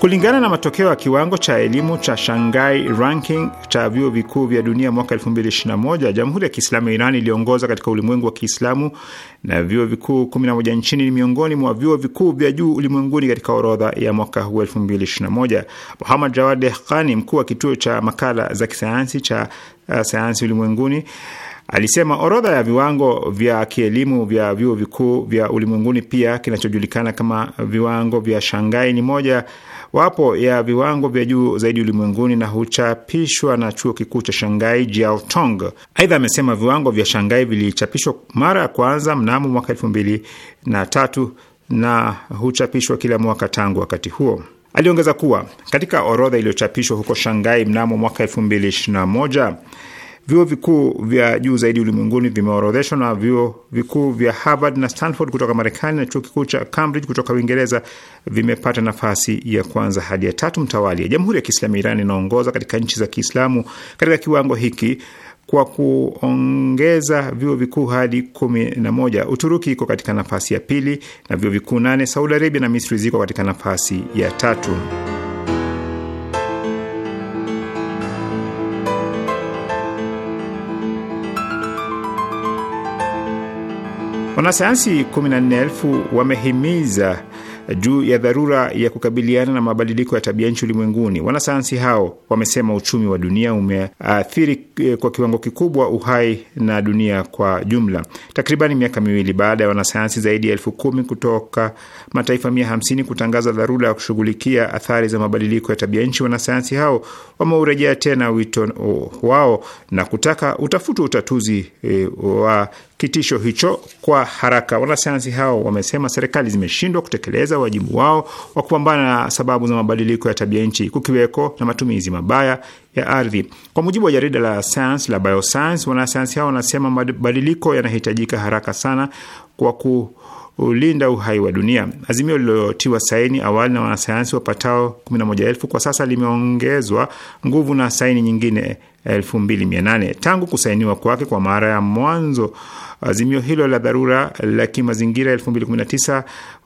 Kulingana na matokeo ya kiwango cha elimu cha Shanghai Ranking cha vyuo vikuu vya dunia mwaka 2021, Jamhuri ya Kiislamu ya Iran iliongoza katika ulimwengu wa Kiislamu na vyuo vikuu 11 nchini ni miongoni mwa vyuo vikuu vya juu ulimwenguni katika orodha ya mwaka huu 2021. Muhammad Jawad Dehkani, mkuu wa kituo cha makala za kisayansi cha uh, sayansi ulimwenguni alisema orodha ya viwango vya kielimu vya vyuo vikuu vya ulimwenguni, pia kinachojulikana kama viwango vya Shanghai, ni moja wapo ya viwango vya juu zaidi ulimwenguni na huchapishwa na chuo kikuu cha Shanghai Jiao Tong. Aidha, amesema viwango vya Shanghai vilichapishwa mara ya kwanza mnamo mwaka elfu mbili na tatu na huchapishwa kila mwaka tangu wakati huo. Aliongeza kuwa katika orodha iliyochapishwa huko Shanghai mnamo mwaka elfu mbili ishirini na moja Vyuo vikuu vya juu zaidi ulimwenguni vimeorodheshwa na vyuo vikuu vya Harvard na Stanford kutoka Marekani na chuo kikuu cha Cambridge kutoka Uingereza vimepata nafasi ya kwanza hadi ya tatu mtawali Jamhuri ya Kiislamu ya Iran inaongoza katika nchi za Kiislamu katika kiwango hiki kwa kuongeza vyuo vikuu hadi kumi na moja. Uturuki iko katika nafasi ya pili na vyuo vikuu nane. Saudi Arabia na Misri ziko katika nafasi ya tatu. Wanasayansi 14,000 wamehimiza juu ya dharura ya kukabiliana na mabadiliko ya tabia nchi ulimwenguni. Wanasayansi hao wamesema uchumi wa dunia umeathiri eh, kwa kiwango kikubwa uhai na dunia kwa jumla. Takribani miaka miwili baada ya wanasayansi zaidi ya elfu kumi kutoka mataifa mia hamsini kutangaza dharura ya kushughulikia athari za mabadiliko ya tabia nchi, wanasayansi hao wameurejea tena wito oh, wao na kutaka utafutwe utatuzi eh, wa kitisho hicho kwa haraka. Wanasayansi hao wamesema serikali zimeshindwa kutekeleza wajibu wao wa kupambana na sababu za mabadiliko ya tabia nchi, kukiweko na matumizi mabaya ya ardhi. Kwa mujibu wa jarida la Science la Bioscience, wanasayansi hao wanasema mabadiliko yanahitajika haraka sana kwa ku ulinda uhai wa dunia. Azimio lililotiwa saini awali na wanasayansi wapatao 11,000 kwa sasa limeongezwa nguvu na saini nyingine 2800 tangu kusainiwa kwake kwa mara ya mwanzo. Azimio hilo la dharura la kimazingira 2019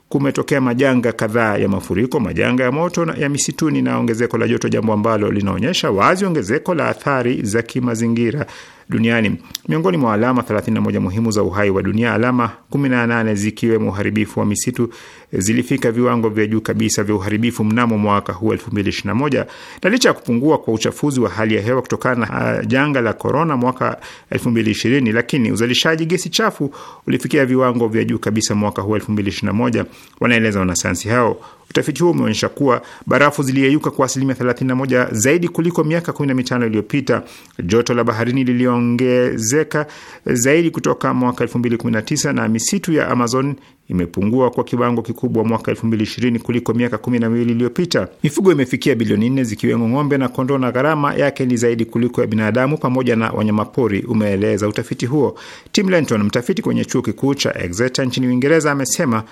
kumetokea majanga kadhaa ya mafuriko, majanga ya moto ya misituni na ongezeko la joto, jambo ambalo linaonyesha wazi ongezeko la athari za kimazingira duniani. Miongoni mwa alama 31 muhimu za uhai wa dunia, alama 18 zikiwemo uharibifu wa misitu eh, zilifika viwango vya juu kabisa vya uharibifu mnamo mwaka huu 2021. Na licha ya kupungua kwa uchafuzi wa hali ya hewa kutokana na uh, janga la korona mwaka 2020, lakini uzalishaji gesi chafu ulifikia viwango vya juu kabisa mwaka huu 2021, wanaeleza wanasayansi hao. Utafiti huo umeonyesha kuwa barafu ziliyeyuka kwa asilimia 31 zaidi kuliko miaka 15 iliyopita. Joto la baharini liliongezeka zaidi kutoka mwaka 2019 na misitu ya Amazon imepungua kwa kiwango kikubwa mwaka 2020 kuliko miaka 12 iliyopita. Mifugo imefikia bilioni nne zikiwemo ng'ombe na kondoo, na gharama yake ni zaidi kuliko ya binadamu pamoja na wanyamapori, umeeleza utafiti huo. Tim Lenton, mtafiti kwenye chuo kikuu cha Exeter nchini Uingereza, amesema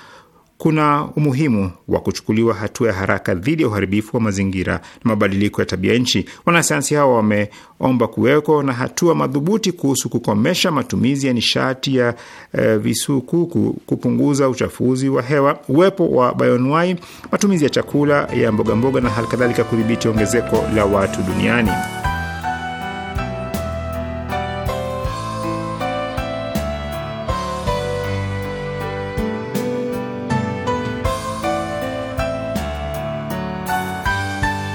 kuna umuhimu wa kuchukuliwa hatua ya haraka dhidi ya uharibifu wa mazingira na mabadiliko ya tabia nchi. Wanasayansi hawa wameomba kuweko na hatua madhubuti kuhusu kukomesha matumizi ya nishati ya e, eh, visukuku, kupunguza uchafuzi wa hewa, uwepo wa bayonwai, matumizi ya chakula ya mbogamboga mboga na halikadhalika, kudhibiti ongezeko la watu duniani.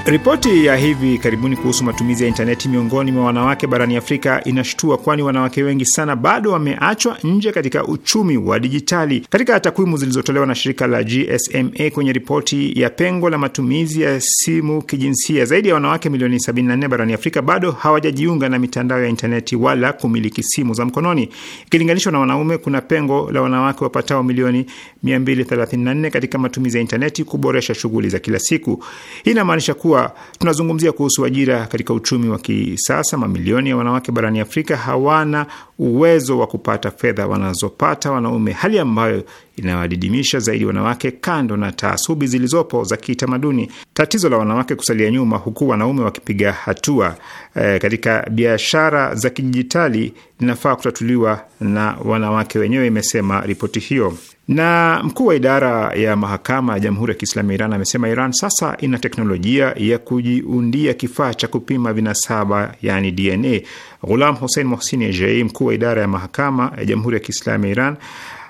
Ripoti ya hivi karibuni kuhusu matumizi ya intaneti miongoni mwa wanawake barani Afrika inashtua, kwani wanawake wengi sana bado wameachwa nje katika uchumi wa dijitali. Katika takwimu zilizotolewa na shirika la GSMA kwenye ripoti ya pengo la matumizi ya simu kijinsia, zaidi ya wanawake milioni 74 barani Afrika bado hawajajiunga na mitandao ya intaneti wala kumiliki simu za mkononi. Ikilinganishwa na wanaume, kuna pengo la wanawake wapatao milioni 234 katika matumizi ya intaneti kuboresha shughuli za kila siku. Hii inamaanisha kuwa kuwa tunazungumzia kuhusu ajira katika uchumi wa kisasa, mamilioni ya wanawake barani Afrika hawana uwezo wa kupata fedha wanazopata wanaume, hali ambayo inawadidimisha zaidi wanawake, kando na taasubi zilizopo za kitamaduni, tatizo la wanawake kusalia nyuma, huku wanaume wakipiga hatua e, katika biashara za kidijitali linafaa kutatuliwa na wanawake wenyewe, imesema ripoti hiyo. Na mkuu wa idara ya mahakama ya Jamhuri ya Kiislamu ya Iran amesema Iran sasa ina teknolojia ya kujiundia kifaa cha kupima vinasaba, yani DNA. Ghulam Hussein Mohsin Ejei, mkuu wa idara ya mahakama ya Jamhuri ya Kiislamu ya Iran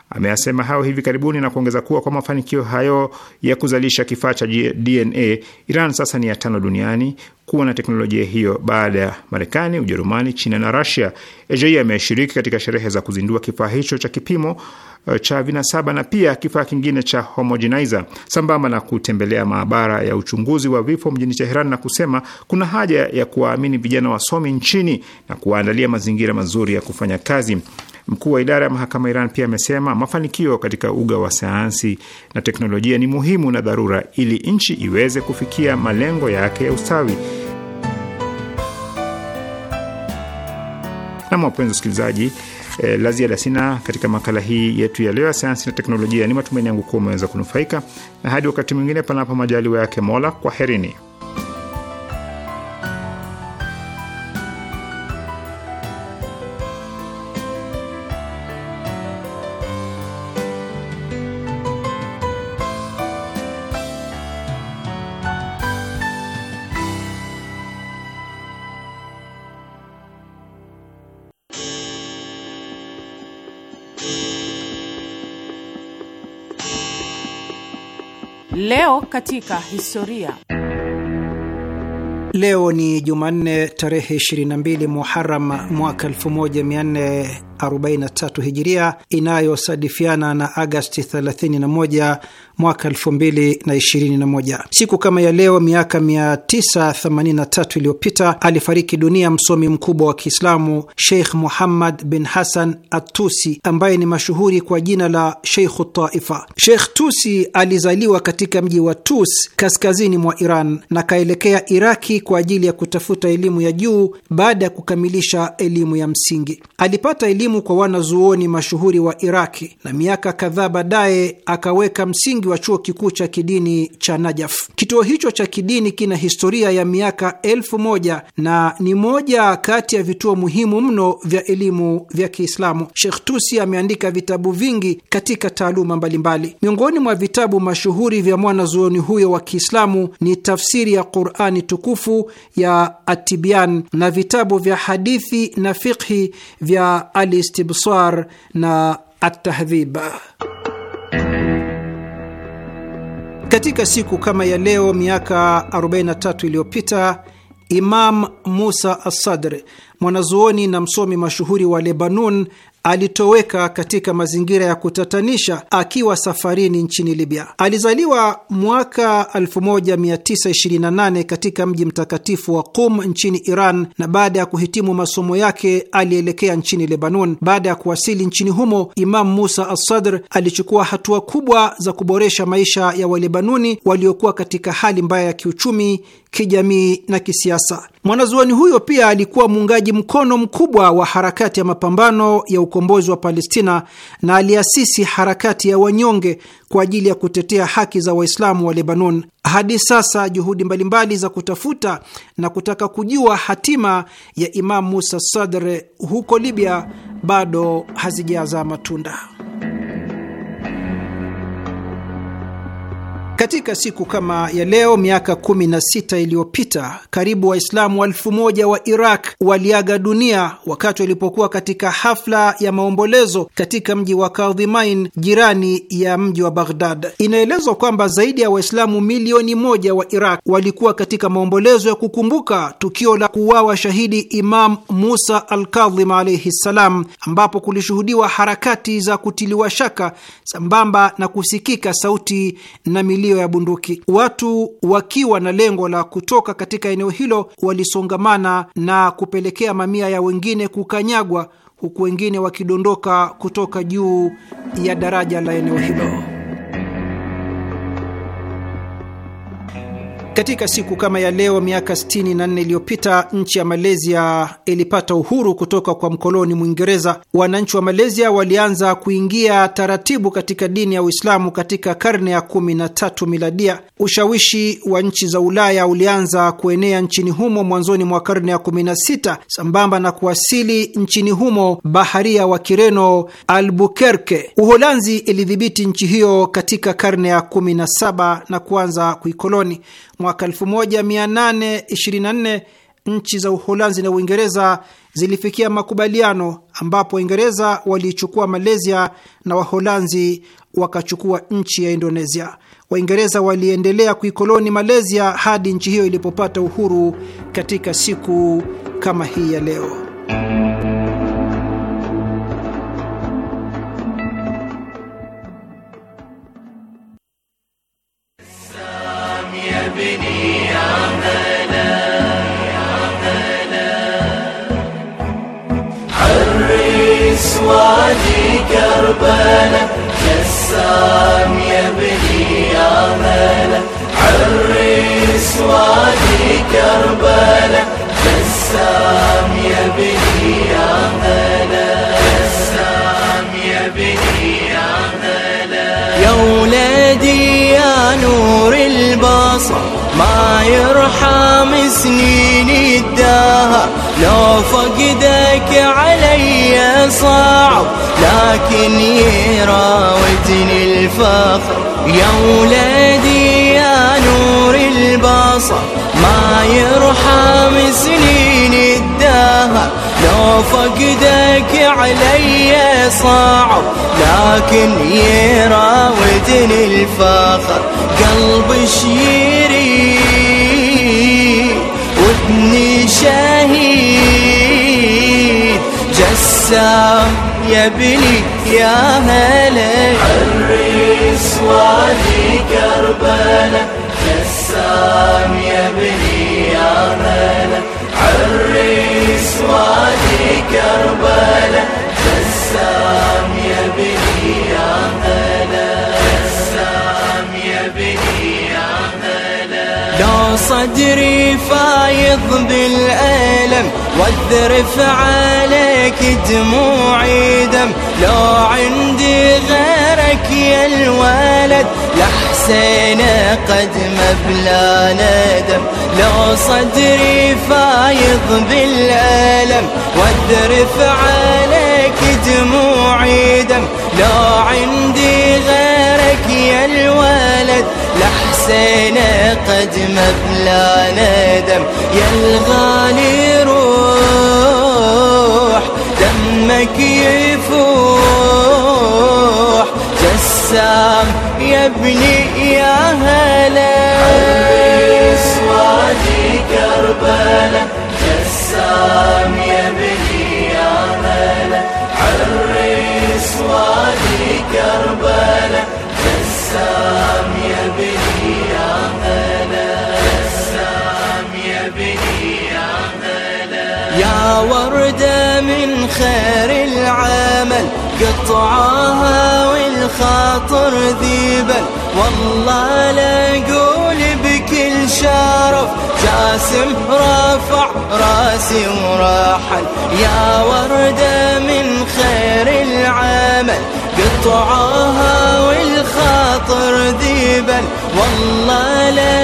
Ameyasema hayo hivi karibuni na kuongeza kuwa kwa mafanikio hayo ya kuzalisha kifaa cha DNA, Iran sasa ni ya tano duniani kuwa na teknolojia hiyo baada ya Marekani, Ujerumani, China na Rasia. Ejei ameshiriki katika sherehe za kuzindua kifaa hicho cha kipimo uh, cha vinasaba na pia kifaa kingine cha homogenizer sambamba na kutembelea maabara ya uchunguzi wa vifo mjini Teheran na kusema kuna haja ya kuwaamini vijana wasomi nchini na kuwaandalia mazingira mazuri ya kufanya kazi. Mkuu wa idara ya mahakama Iran pia amesema mafanikio katika uga wa sayansi na teknolojia ni muhimu na dharura ili nchi iweze kufikia malengo yake ya ustawi. Nam, wapenzi wasikilizaji, eh, la ziada sina katika makala hii yetu ya leo ya sayansi na teknolojia. Ni matumaini yangu kuwa umeweza kunufaika, na hadi wakati mwingine, panapo majaliwa yake Mola, kwaherini. Leo katika historia. Leo ni Jumanne tarehe 22 Muharam mwaka 43 hijiria inayosadifiana na Agasti 31 mwaka 2021. Siku kama ya leo miaka 983 iliyopita alifariki dunia msomi mkubwa wa Kiislamu Sheikh Muhammad bin Hassan Atusi ambaye ni mashuhuri kwa jina la Sheikhu Taifa. Sheikh Tusi alizaliwa katika mji wa Tus kaskazini mwa Iran na kaelekea Iraki kwa ajili ya kutafuta elimu ya juu baada ya kukamilisha elimu ya msingi. Alipata elimu elimu kwa wanazuoni mashuhuri wa Iraki na miaka kadhaa baadaye akaweka msingi wa chuo kikuu cha kidini cha Najaf. Kituo hicho cha kidini kina historia ya miaka elfu moja na ni moja kati ya vituo muhimu mno vya elimu vya Kiislamu. shekh Tusi ameandika vitabu vingi katika taaluma mbalimbali. Miongoni mwa vitabu mashuhuri vya mwanazuoni huyo wa Kiislamu ni tafsiri ya Qurani tukufu ya Atibian na vitabu vya hadithi na fikhi vya Ali Alistibsar na Atahdhib. Katika siku kama ya leo miaka 43 iliyopita Imam Musa Assadr, mwanazuoni na msomi mashuhuri wa Lebanon alitoweka katika mazingira ya kutatanisha akiwa safarini nchini Libya. Alizaliwa mwaka 1928 katika mji mtakatifu wa Qum nchini Iran, na baada ya kuhitimu masomo yake alielekea nchini Lebanon. Baada ya kuwasili nchini humo, Imamu Musa Assadr alichukua hatua kubwa za kuboresha maisha ya Walebanuni waliokuwa katika hali mbaya ya kiuchumi, kijamii na kisiasa. Mwanazuoni huyo pia alikuwa muungaji mkono mkubwa wa harakati ya mapambano ya ukombozi wa Palestina na aliasisi harakati ya wanyonge kwa ajili ya kutetea haki za Waislamu wa Lebanon. Hadi sasa juhudi mbalimbali za kutafuta na kutaka kujua hatima ya Imam Musa Sadre huko Libya bado hazijazaa matunda. Katika siku kama ya leo miaka 16 iliyopita karibu Waislamu elfu moja wa Iraq waliaga dunia wakati walipokuwa katika hafla ya maombolezo katika mji wa Kadhimain, jirani ya mji wa Baghdad. Inaelezwa kwamba zaidi ya Waislamu milioni moja wa Iraq walikuwa katika maombolezo ya kukumbuka tukio la kuuawa shahidi Imam Musa Alkadhim alaihi ssalam, ambapo kulishuhudiwa harakati za kutiliwa shaka sambamba na kusikika sauti na milio milio ya bunduki. Watu wakiwa na lengo la kutoka katika eneo hilo walisongamana na kupelekea mamia ya wengine kukanyagwa, huku wengine wakidondoka kutoka juu ya daraja la eneo hilo. Katika siku kama ya leo miaka 64 iliyopita nchi ya Malaysia ilipata uhuru kutoka kwa mkoloni Mwingereza. Wananchi wa Malaysia walianza kuingia taratibu katika dini ya Uislamu katika karne ya 13 miladia. Ushawishi wa nchi za Ulaya ulianza kuenea nchini humo mwanzoni mwa karne ya 16 sambamba na kuwasili nchini humo baharia wa Kireno Albuquerque. Uholanzi ilidhibiti nchi hiyo katika karne ya 17 na kuanza kuikoloni mwaka 1824 nchi za Uholanzi na Uingereza zilifikia makubaliano ambapo Waingereza waliichukua Malaysia na Waholanzi wakachukua nchi ya Indonesia. Waingereza waliendelea kuikoloni Malaysia hadi nchi hiyo ilipopata uhuru katika siku kama hii ya leo. وادي كربلاء جسام يبني أملا عريس وادي كربلاء جسام يبني أملا جسام يبني أملا يا ولدي يا نور البصر ما يرحم سنين الدهر لو فقدك علي صعب لكن يراودني الفخر يا ولدي يا نور البصر ما يرحم سنين الدهر لو فقدك علي صعب لكن يراودني الفخر قلبي شيء ابني شهيد جسام يا بني يا هلا حريص وادي كربلاء جسام يا بني يا هلا حريص وادي كربلاء صدري فايض بالألم واذرف عليك دموعي دم لو عندي غيرك يا الولد لحسين قد مبلى ندم لو صدري فايض بالألم واذرف عليك دموعي دم لو عندي غيرك يا الولد لحسين حسينه قد ما بلا ندم يا الغالي روح دمك يفوح جسام يا ابني يا هلا صوتي كربلا جسام يا ابني يا هلا عري صوتي كربلا جسام يا لها وردة من خير العمل قطعها والخاطر ذيبا والله لا أقول شرف جاسم رفع راسي ورحل يا وردة من خير العمل قطعها والخاطر ذيبل والله لا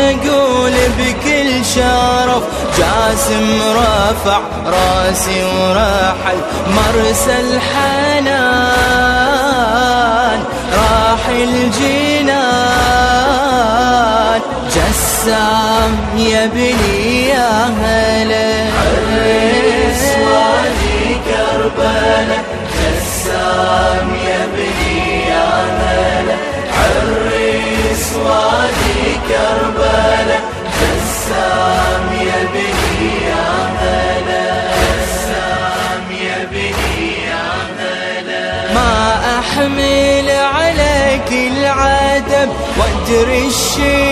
بكل شرف جاسم رفع راسي ورحل مرسى الحنان راح الجيل الوسام يا بني يا هلا حرس وادي كربلاء جسام يا بني يا هلا حرس وادي كربلاء جسام يا بني يا هلا جسام يا بني يا هلا ما احمل عليك العدم واجري الشيء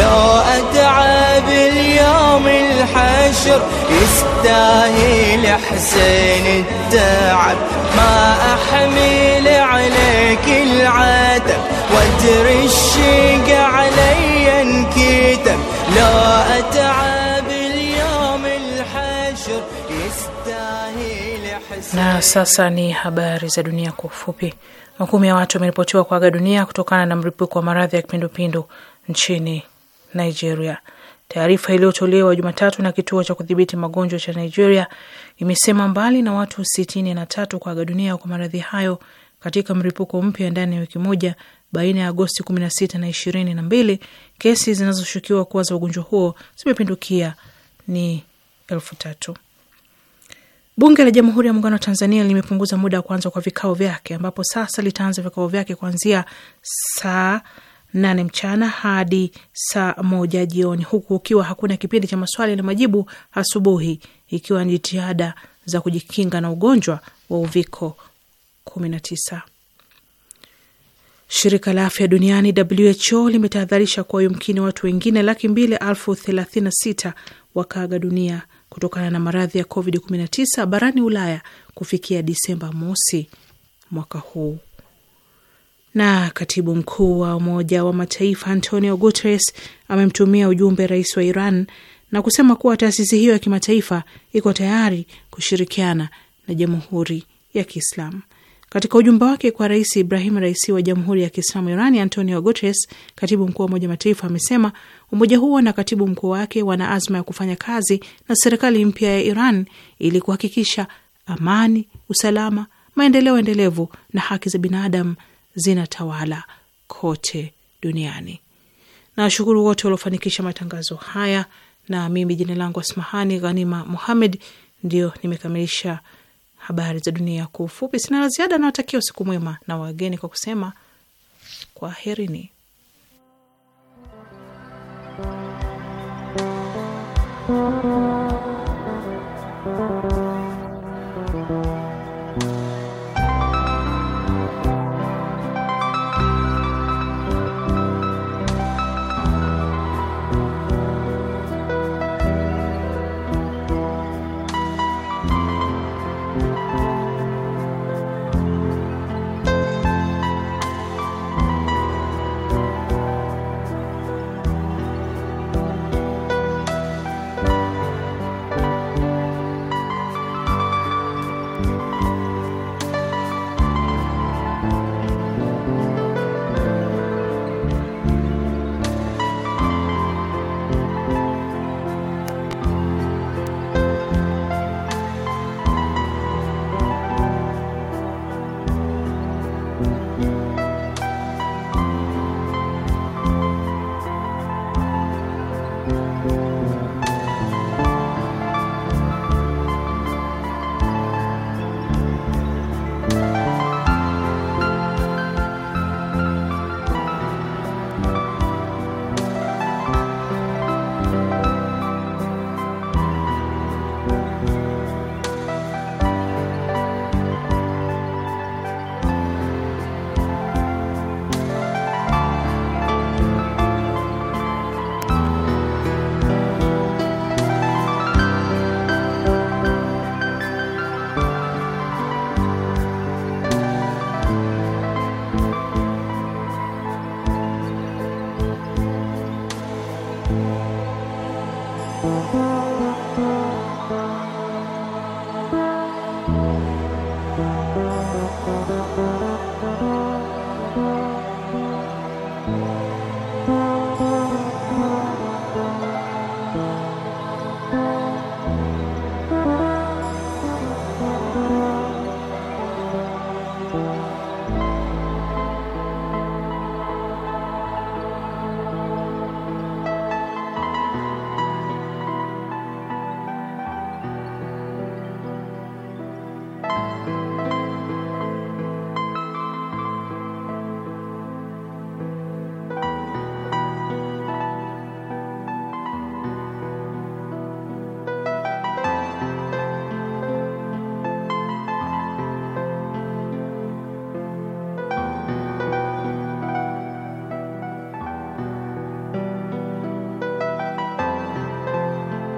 لو أتعب اليوم الحشر يستاهل حسين التعب ما أحمل عليك العتب وادري الشيق علي انكتب لو أتعب اليوم الحشر يستاهل حسين na sasa ni habari za dunia kwa ufupi. Makumi ya watu wameripotiwa kuaga dunia kutokana na mlipuko wa maradhi ya kipindupindu nchini Nigeria. Taarifa iliyotolewa Jumatatu na kituo cha kudhibiti magonjwa cha Nigeria imesema mbali na watu sitini na tatu kuaga dunia kwa maradhi hayo katika mlipuko mpya ndani ya wiki moja baina ya Agosti 16 na 22, kesi zinazoshukiwa kuwa za ugonjwa huo zimepindukia ni elfu tatu. Bunge la Jamhuri ya Muungano wa Tanzania limepunguza muda wa kuanza kwa vikao vyake ambapo sasa litaanza vikao vyake kuanzia saa nane mchana hadi saa moja jioni, huku ukiwa hakuna kipindi cha maswali na majibu asubuhi, ikiwa ni jitihada za kujikinga na ugonjwa wa uviko 19. Shirika la afya duniani WHO limetahadharisha kuwa yumkini watu wengine laki mbili elfu thelathini na sita wakaaga dunia kutokana na maradhi ya COVID 19 barani Ulaya kufikia Disemba mosi mwaka huu. Na katibu mkuu wa Umoja wa Mataifa Antonio Guterres amemtumia ujumbe rais wa Iran na kusema kuwa taasisi hiyo ya kimataifa iko tayari kushirikiana na Jamhuri ya Kiislamu. Katika ujumbe wake kwa Rais Ibrahim Raisi wa Jamhuri ya Kiislamu Irani, Antonio Guterres, katibu mkuu wa Umoja Mataifa, amesema umoja huo na katibu mkuu wake wana azma ya kufanya kazi na serikali mpya ya Iran ili kuhakikisha amani, usalama, maendeleo endelevu na haki za binadamu zinatawala kote duniani. Nawashukuru wote waliofanikisha matangazo haya, na mimi jina langu Asmahani Ghanima Muhammed, ndio nimekamilisha habari za dunia kwa ufupi. Sina la ziada, nawatakia usiku mwema na wageni kwa kusema kwaherini.